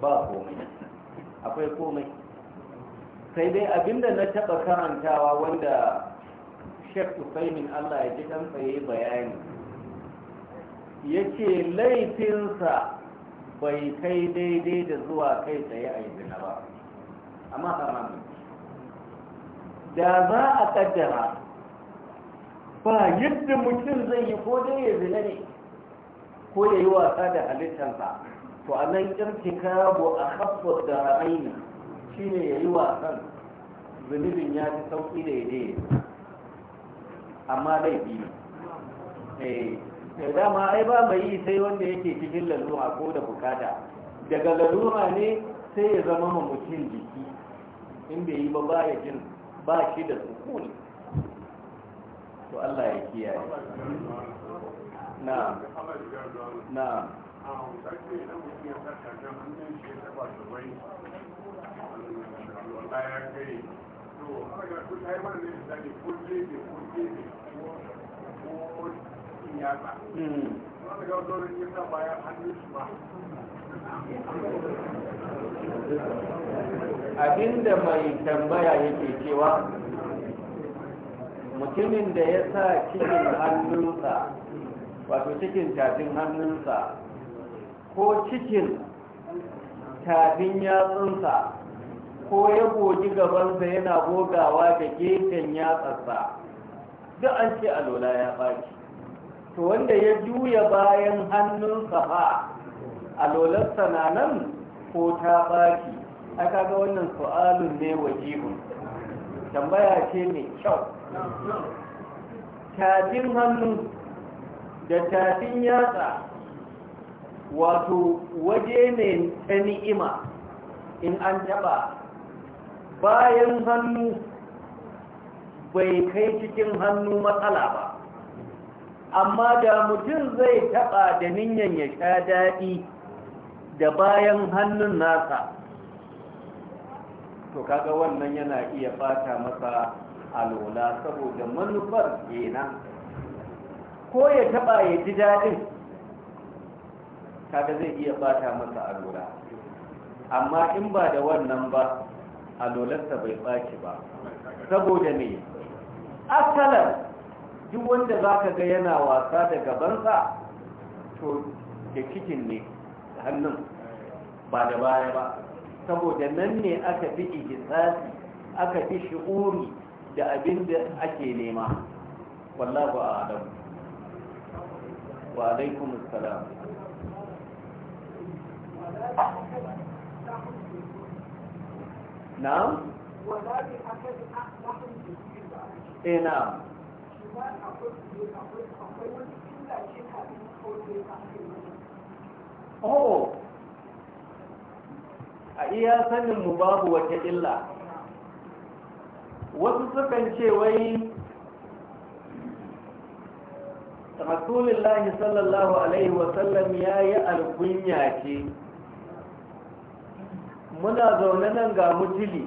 ba komai akwai komai sai dai abinda na taɓa karantawa wanda shek tufaimin allah ya ji dan tsaye bayani ya ce laifinsa bai kai daidai da zuwa kai tsaye a yanzu ba amma haramun da za a ƙaddara ba yadda mutum zai yi ko dai ya zina ne ko ya yi wasa da halittarsa to a nan irtikabu a haffa da shi ne shine yayi wasan zunubin ya fi sauki da yade amma laifi ne eh, da dama ai ba mai yi sai wanda yake cikin lalura ko da bukata daga lalura ne sai ya zama ma mutum jiki in bai yi ba ba ya jin ba shi da sukuni to Allah ya kiyaye na na abinda mai tambaya yake cewa mutumin da ya sa cikin hannunsa wato cikin tafin hannunsa ko cikin tabin yatsunsa ko ya goji gabansa yana gogawa da gefen yatsarsa duk an ce alola ya baki to wanda ya juya bayan hannunsa ba alolarsa na nan ko ta baki aka ga wannan su'alun ne wajibun tambaya ce mai kyau tafin hannu da tafin yatsa wato waje ne ta ni'ima in an taba bayan hannu bai kai cikin hannu matsala ba amma da mutum zai taba da niyan ya sha daɗi da bayan hannun nasa to kaga wannan yana iya fata masa alola saboda manufar kenan ko ya taba ya ji daɗin kaga zai iya bata masa alola amma in ba da wannan ba alolarsa bai baki ba saboda me asalar duk wanda za ka ga yana wasa da gabansa to da cikin ne hannun ba da baya ba saboda nan ne aka fi ihisasi aka fi shi'uri da abin da ake nema wallahu a'lam wa alaikum salam. نعم اي نعم oh a iya sanin mu babu wata illa wasu sukan ce wai rasulullahi sallallahu alaihi wasallam ya yi algunya ce muna zaune nan ga mutili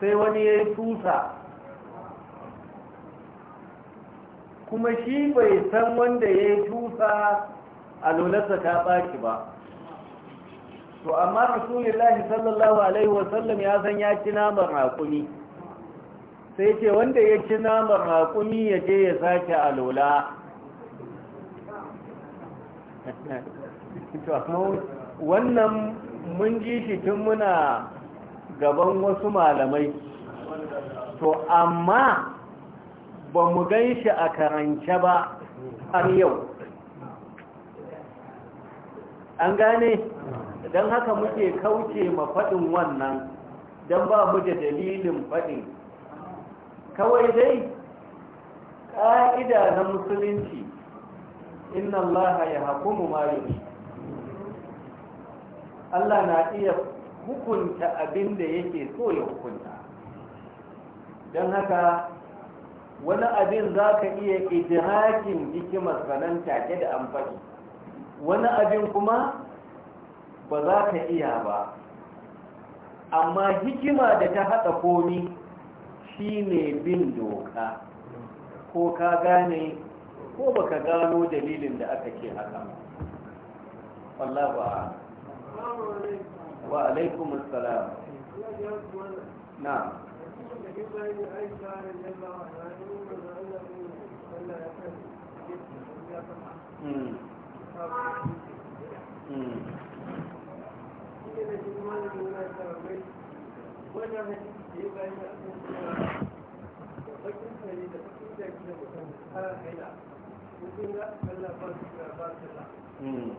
sai wani ya yi tusa kuma shi bai san wanda ya yi tusa a lularsa ta baki ba to amma rasulullahi sallallahu alaihi wasallam ya san ya ci naman hakuni sai ce wanda ya ci naman hakuni ya je ya sake a lula wannan mun ji shi tun muna gaban wasu malamai to amma ba mu gan shi a karance ba har yau an gane don haka muke kauce ma faɗin wannan don ba mu da dalilin faɗin kawai dai ƙa'ida na musulunci inna allaha ya hakumu ma Allah na iya hukunta abin da yake so ya hukunta don haka wani abin za ka iya idirakin hikimar sanan ke da amfani wani abin kuma ba za ka iya ba amma hikima da ta haɗa komi shi ne bin doka ko ka gane ko baka gano dalilin da aka ce haka Allah ba wa alaikum assalam na Mm. Mm. Hmm.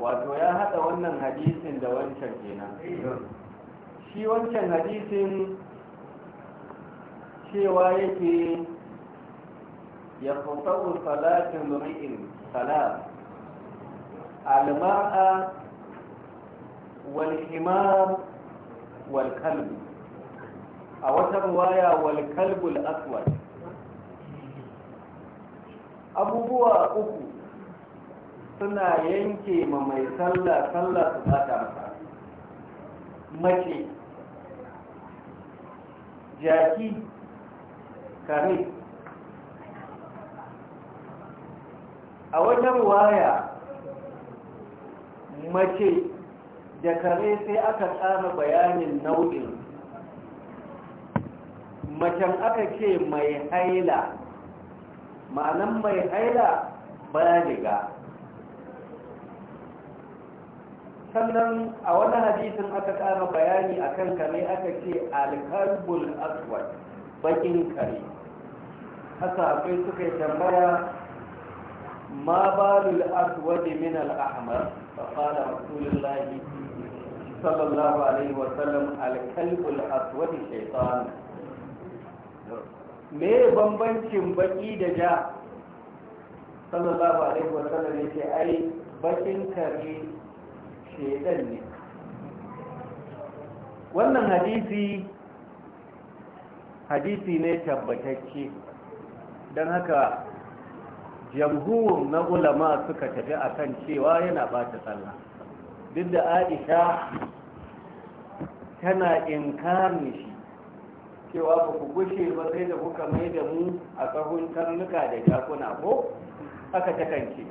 wato ya haɗa wannan hadisin da wancan kenan shi wancan hadisin cewa yake ya fasahu salatin ri'in salat al-mar'a wal wal a wata ruwaya wal kalbul aswad abubuwa uku suna yanke ma mai sallah sallah su zata masa mace jaki kare a wata ruwaya mace da kare sai aka tsara bayanin nau'in macen aka ce mai haila ma'anan mai haila baliga sannan a wani hadisin aka ƙara bayani a kan kame aka ce alkarbul aswad bakin kare hasabai suka yi tambaya ma balul aswad min al-ahmar fa qala rasulullahi sallallahu alaihi wa sallam al aswad shaytan me bambancin baki da ja sallallahu alaihi wasallam ya ce ai bakin kare shedan ne wannan hadisi hadisi ne tabbatacce don haka jamhur na ulama suka tafi akan cewa yana bata sallah duk da aisha tana inkarin shi cewa ba ku gushe ba sai da kuka mai da mu a tsahon karnuka da jakuna ko haka ta kanci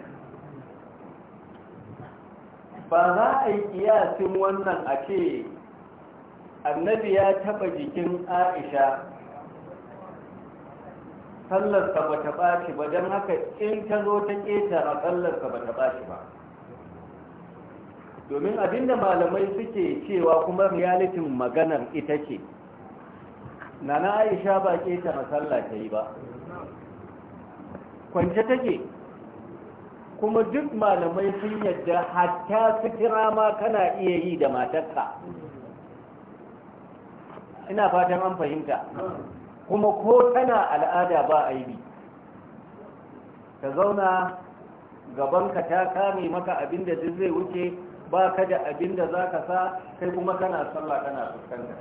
ba za a yi kiyasin wannan a ce annabi ya taba jikin aisha sallarsa ba ta shi ba don haka in ta zo ta keta a sallarsa ba ta shi ba domin abinda malamai suke cewa kuma realitin maganar ita ce na na aisha ba keta masalla ta yi ba kwance take kuma duk malamai sun yadda hatta su kira ma kana iya yi da matarka ina fatan an fahimta kuma ko tana al'ada ba aibi ka zauna gabanka ta kame maka abinda duk zai wuce ba ka da abinda za ka sa kai kuma kana sallah kana fuskantar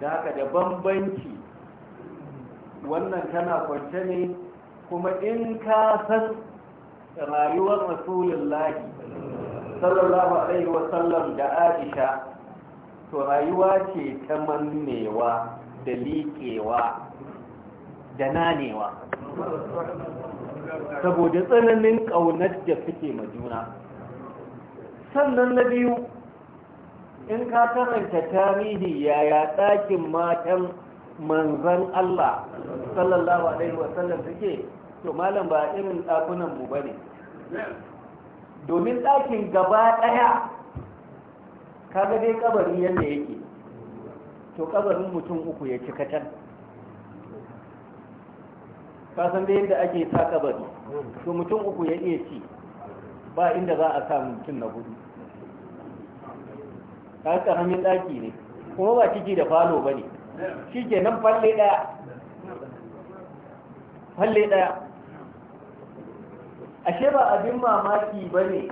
da haka da bambanci wannan tana kwance ne kuma in ka san rayuwar rasulullahi sallallahu alaihi wasallam da aisha to rayuwa ce ta mannewa da liƙewa da nanewa saboda tsananin ƙaunar da suke majuna sannan na biyu in ka karanta tarihi yaya ɗakin matan manzan Allah sallallahu alaihi wasallam suke to malam ba irin ɗakunanmu mu bane domin ɗakin gaba ɗaya kaga dai kabarin yadda yake to kabarin mutum uku ya ci kacan kasan da yadda ake sa kabari to mutum uku ya iya ci ba inda za a sa mutum na hudu ka karamin daki ne kuma ba ciki da falo ba ne shi ke nan falle ɗaya falle ɗaya ashe ba abin mamaki ba ne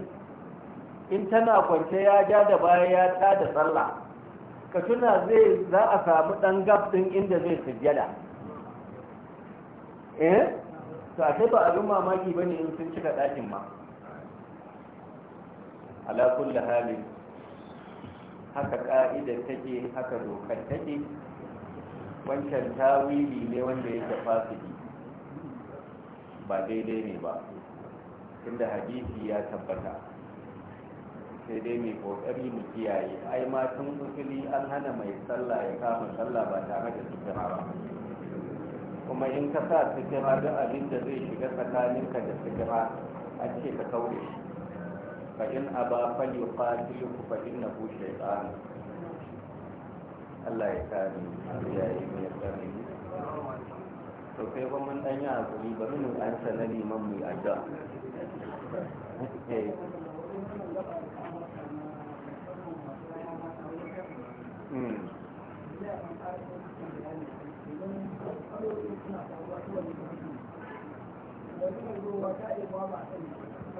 in tana kwance ya ja da baya ya ta da tsalla ka tuna zai za a samu ɗan gab ɗin inda zai sujjada eh to ashe ba abin mamaki ba ne in sun cika ɗakin ma ala kulli halin haka ka'idar take haka dokar take wancan tawili ne wanda yake fasiki ba daidai ne ba tunda hadisi ya tabbata sai dai mai kokari mu kiyaye ai ma tun usuli an hana mai sallah ya kama sallah ba tare da sutura ba kuma in ka sa sutura duk abin da zai shiga tsakaninka da sutura an ce ka kaure shi fa'in aba fali fatilu ku fa'in na ku shaitan Allah ya kare ya yi mai tsare to kai ba mun hakuri ba an sanar mu adda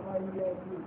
Thank you.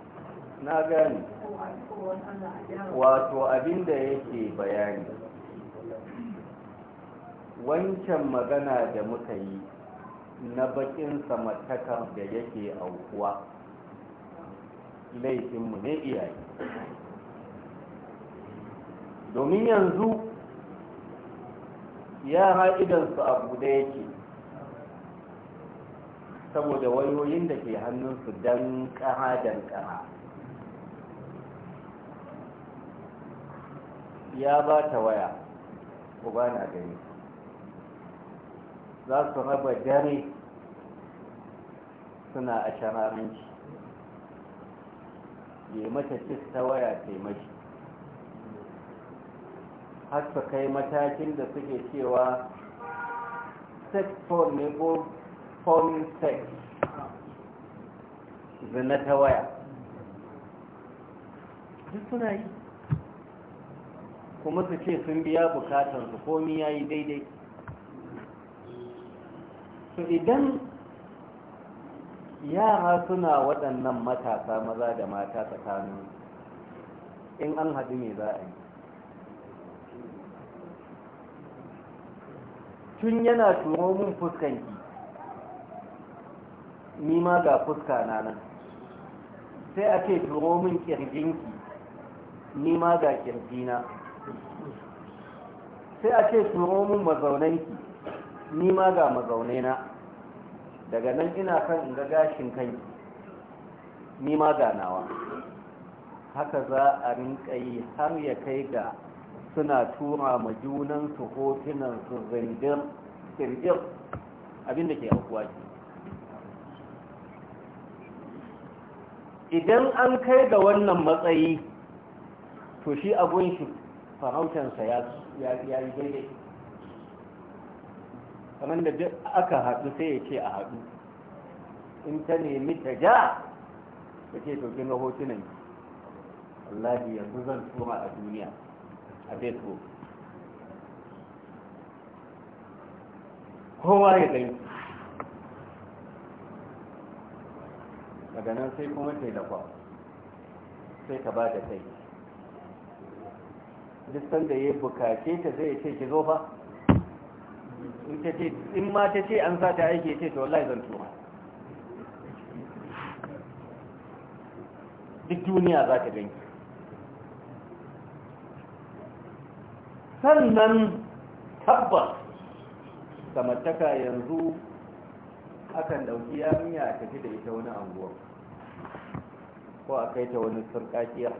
na gani wato abinda yake bayani wancan magana da muka yi na bakin samartaka da yake aukuwa laifinmu ne iyaye domin yanzu yara idansu a bude yake saboda wayoyin da ke hannunsu don kara don kara ya ba ta waya ku ba na gani za su raba dare suna a shararanci ya mata cis ta waya taimaki har su kai matakin da suke cewa sex for nebo forming sex zina ta waya duk suna yi kuma su ce sun biya bukatar su komi ya yi daidai su idan yara suna waɗannan matasa maza da mata tsakanin in an haɗu mai za a yi tun yana turo min fuskanki ni ma ga fuska na nan sai a turo min ƙirjinki ni ma ga ƙirjina sai a ce turo min mazaunanki ni ma ga mazaunaina daga nan ina kan in ga gashin kai ni ma ga nawa haka za a rinka yi har ya kai ga suna tura ma junansu hotunansu zindir abinda ke aukuwa ke idan an kai ga wannan matsayi to shi abun shi farautansa ya su ya yi daidai kamar da duk aka haɗu sai ya ce a haɗu in ta nemi ta ja ta ce to kin ga hotunan wallahi yanzu zan tura a duniya a facebook kowa ya gani daga nan sai kuma ta yi sai ka ba da kai duk da ya bukace ta zai ce ki zo fa in ma ta ce an sa ta aiki ce to wallahi zan tuma duk duniya za ta ganki sannan tabbas samartaka yanzu akan ɗauki yarinya a tafi da ita wani anguwa ko a kai ta wani surkakiya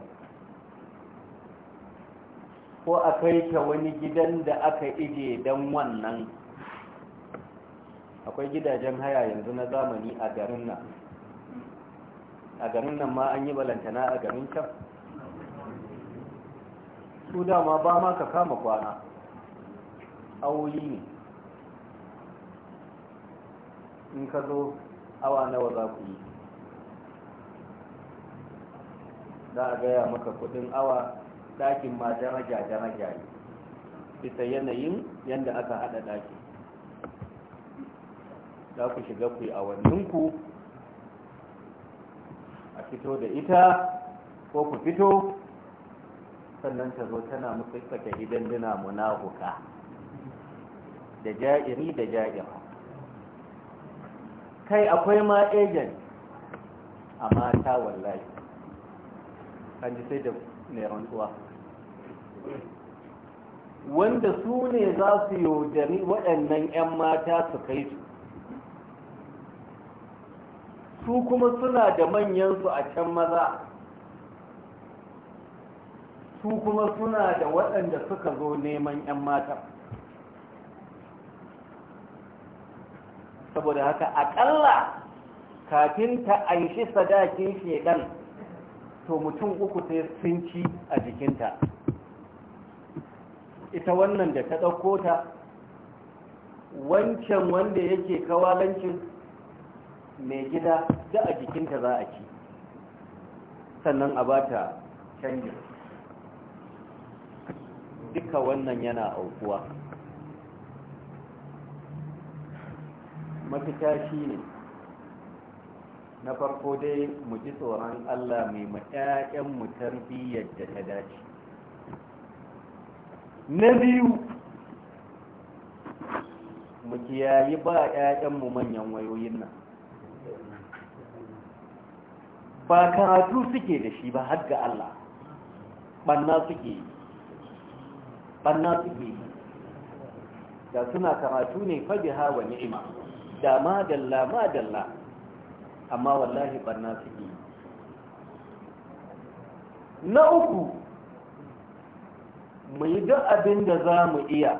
ko a kai ta wani gidan da aka ije don wannan akwai gidajen haya yanzu na zamani a garin nan a garin nan ma an yi balantana a garin can su dama ba ma ka kama kwana awoyi ne in ka zo awa nawa za ku yi za a gaya maka kudin awa Dakin ma daraja daraja ne bisa yanayin yadda aka haɗa ɗakin za ku shiga ku yi awanninku a fito da ita ko ku fito sannan ta zo tana mutsaka idan duna munafuka da ja'iri da ja'ir kai akwai ma agent a mata wallahi kan ji sai da mai rantsuwa wanda su ne za su yaudari waɗannan 'yan mata su kai su su kuma suna da manyansu a can maza su kuma suna da waɗanda suka zo neman 'yan mata saboda haka aƙalla kafin ta shi sadakin shekaru to mutum uku ta sun ci a jikinta ita wannan da ta ɗauko ta wancan wanda yake kawalancin mai gida da a jikinta za a ci sannan a ba ta canjin duka wannan yana aukuwa mafita shi ne na farko dai mu ji tsoron allah mai ma'ya'yan mu tarbiyyar da ta dace na biyu mu kiyayi ba mu manyan wayoyin nan ba karatu suke da shi ba har ga allah ɓanna suke yi suke da suna karatu ne fabiha wa ni'ima da ma dalla ma dalla amma wallahi barna suke yi na uku mu yi duk abin da za mu iya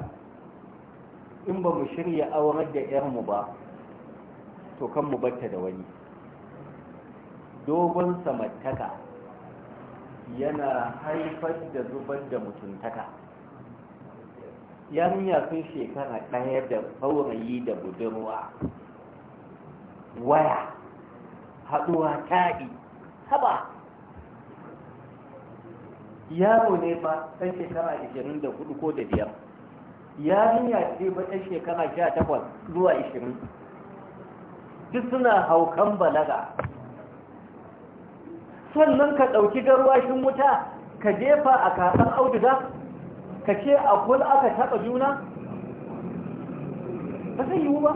in ba mu shirya aurar da 'yarmu ba to kan mu batta da wani dogon samantaka yana haifar da zubar da mutuntaka yarinya sun shekara ɗaya da saurayi da budurwa waya haɗuwa yi haɓa. yaro ne ba ɗan shekara 24 ko da biyar ya ce ba ɗan shekara 18 zuwa 20 duk suna haukan balaga sannan ka ɗauki garwashin wuta ka jefa a kasar auduga ka ce a kul aka taɓa juna ba zai yiwu ba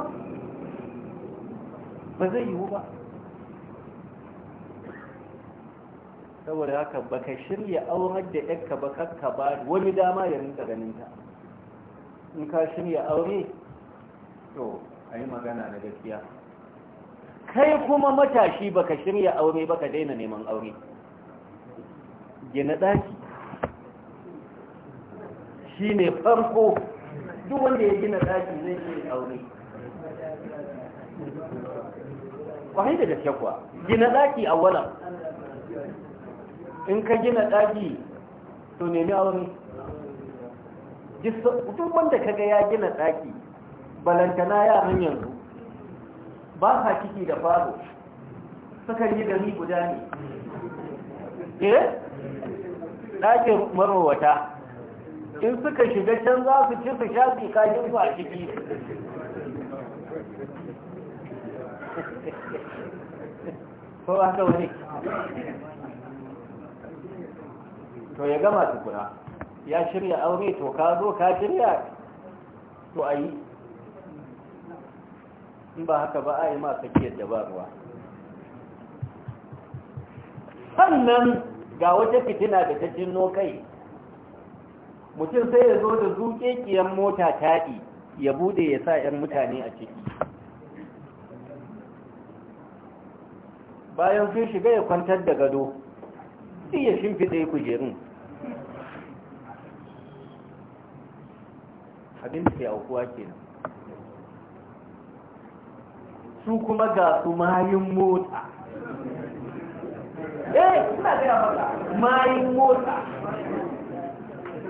ba zai yiwu ba saboda haka baka shirya aurar da ɗanka ba kakka ba wani dama ya rinka ganin ta in ka shirya aure to a yi magana na gaskiya kai kuma matashi baka shirya aure baka daina neman aure gina ɗaki shi ne farko duk wanda ya gina ɗaki zai shirya aure ƙwai da gaske kuwa gina ɗaki a wannan in ka gina ɗaki to nemi aure duk wanda kaga ya gina ɗaki balantana yaran yanzu ba sa ciki da falo sukan yi gari guda ne eh ɗakin marowata in suka shiga can za su ci su shafi kajin su a ciki ko ba ka wani to ya gama tukuna ya shirya aure to ka zo ka shirya to a yi in ba haka ba a yi ma sakiyar da ba ruwa sannan ga wata fitina da ta jino kai mutum sai ya zo da zuƙeƙiyar mota taɗi ya bude ya sa 'yan mutane a ciki bayan sun shiga ya kwantar da gado sai ya shimfiɗe kujerun abin da ke aukuwa kenan su kuma ga su mayin mota eh suna gaya maka mayin mota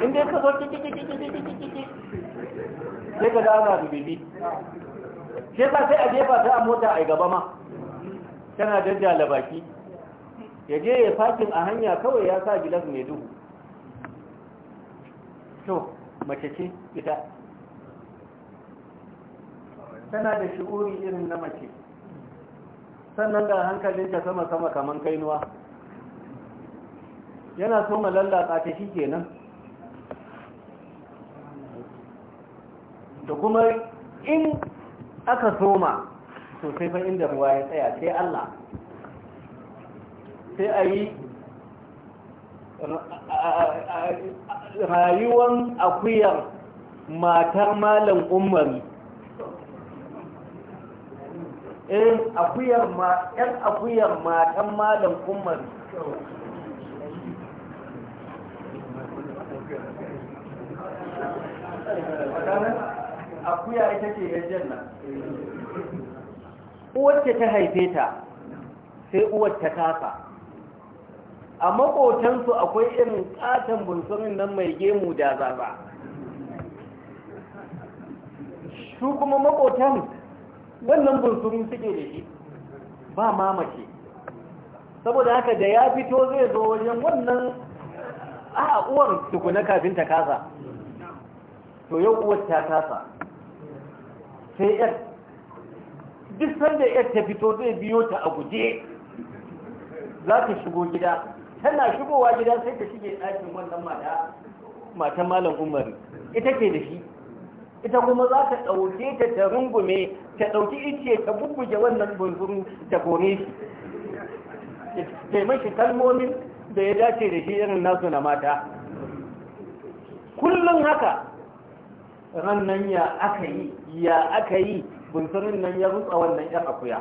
inda ya kazo kikikikikikikikiki sai ka dana da bibi sai ba sai a jefa ta a mota a gaba ma tana jajjala baki ya je ya fakin a hanya kawai ya sa gilas mai duhu to mace ce ita tana da shi'uri irin na mace sannan da hankalinta sama-sama kamar kainuwa yana so malallaka ta shi kenan da kuma in aka soma to sai fa inda ruwa ya tsaya sai Allah sai a yi rayuwan akuyar matar malam umari eh akuyar ma yan akuyar matan malam umar akuya ita ce yan janna uwarta ta haife ta sai uwarta kasa a makotansu akwai irin katon bunsurin nan mai gemu da zaba su kuma makotan wannan bunsuru suke da shi ba mamaki saboda haka da ya fito zai zo wajen wannan a uwar tukuna kafin ta kasa to yau uwar ta kasa sai yar duk sanda yar ta fito zai biyo ta a guje za ta shigo gida tana shigowa gida sai ta shige ɗakin wannan mata matan malam umar ita ke da shi ita kuma za ta ɗauke ta ta rungume ta ɗauki ice ta bubbuge wannan bunzuru ta kone shi ta mashi kalmomin da ya dace da shi irin nasu na mata kullum haka Rannan ya aka yi ya aka yi bunzurun nan ya rutsa wannan yan akuya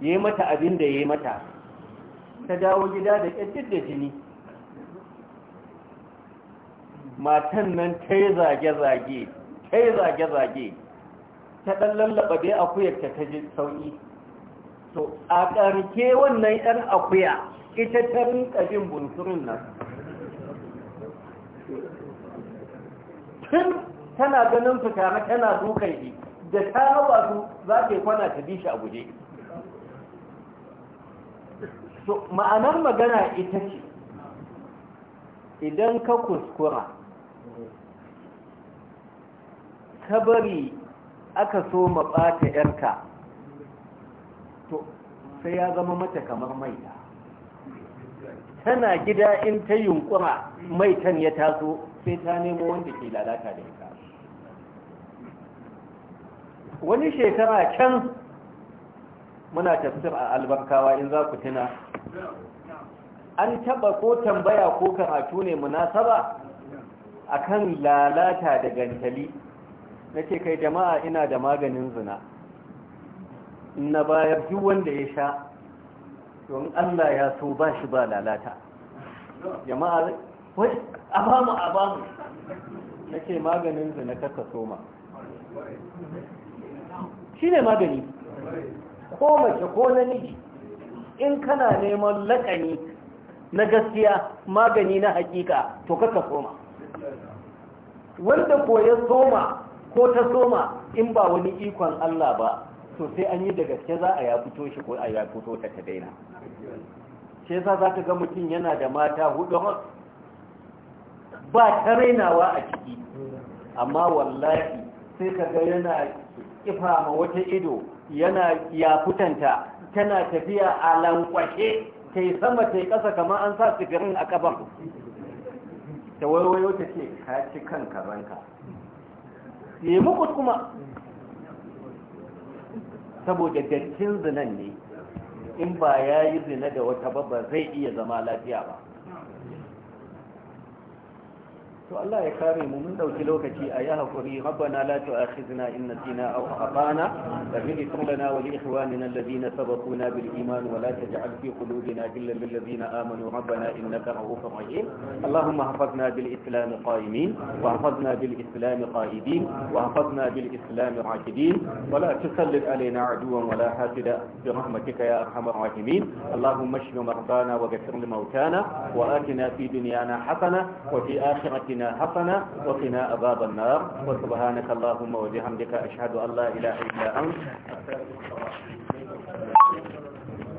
ya yi mata abin da ya yi mata ta dawo gida da ƙyar da jini matan nan ta yi zage-zage kai zage-zage ta ɗan lallaba dai akuyarta ta ji sauƙi to a ƙarke wannan ɗan akuya ita ta rinka jin bunturin nan tun tana ganin fitara tana dukan shi da ta hawa su za ke kwana ta bi shi a guje ma'anar magana ita ce idan ka kuskura ta bari aka so ma maɓata ‘yarka to sai ya zama mata kamar maita tana gida in ta yunkura maitan ya taso sai ta nemo wanda ke lalata da ita wani shekara can muna tafsir a albarkawa in za ku tuna an taɓa ko tambaya ko karatu ne munasaba akan lalata da gantali na ce kai jama'a ina da maganin zina na bayar duk wanda ya sha don Allah ya so ba shi ba lalata jama'a wai abamu abamu na ce maganin zina kaso ma shi ne magani ko mace ko namiji in kana neman lakani na gaskiya magani na hakika to kaso soma wanda ko ya soma ko ta soma in ba wani ikon Allah ba to sai an yi da gaske za a ya fito shi ko a ya fito ta ta daina shi yasa za ka ga mutum yana da mata hudu ba ta rainawa a ciki amma wallahi sai ka ga yana kifa ma wata ido yana ya fitanta tana tafiya a lankwashe ta yi sama ta yi ƙasa kamar an sa tsibirin a kaban ta wayo ta ce ka ci kanka ranka me muku kuma saboda dattin zinan ne in ba ya yi zina da wata ba ba zai iya zama lafiya ba to Allah ya kare mu mun dauki lokaci a yi hakuri rabbana la tu'akhizna in nasina aw akhtana rabbi ighfir lana wa li ikhwanina alladhina sabaquna bil iman wa la taj'al fi qulubina ghillan lil ladhina amanu rabbana innaka ra'ufur rahim allahumma hafizna bil islam qa'imin wa hafizna bil islam qa'idin wa hafizna bil islam raqidin wa la tusallit alaina aduwan wa la hasida bi rahmatika ya arhamar rahimin allahumma ashfi marqana wa ghfir li mautana wa atina fi dunyana hasana wa fi akhiratنا آتنا حسنة وقنا عذاب النار وسبحانك اللهم وبحمدك أشهد أن لا إله إلا أنت أستغفرك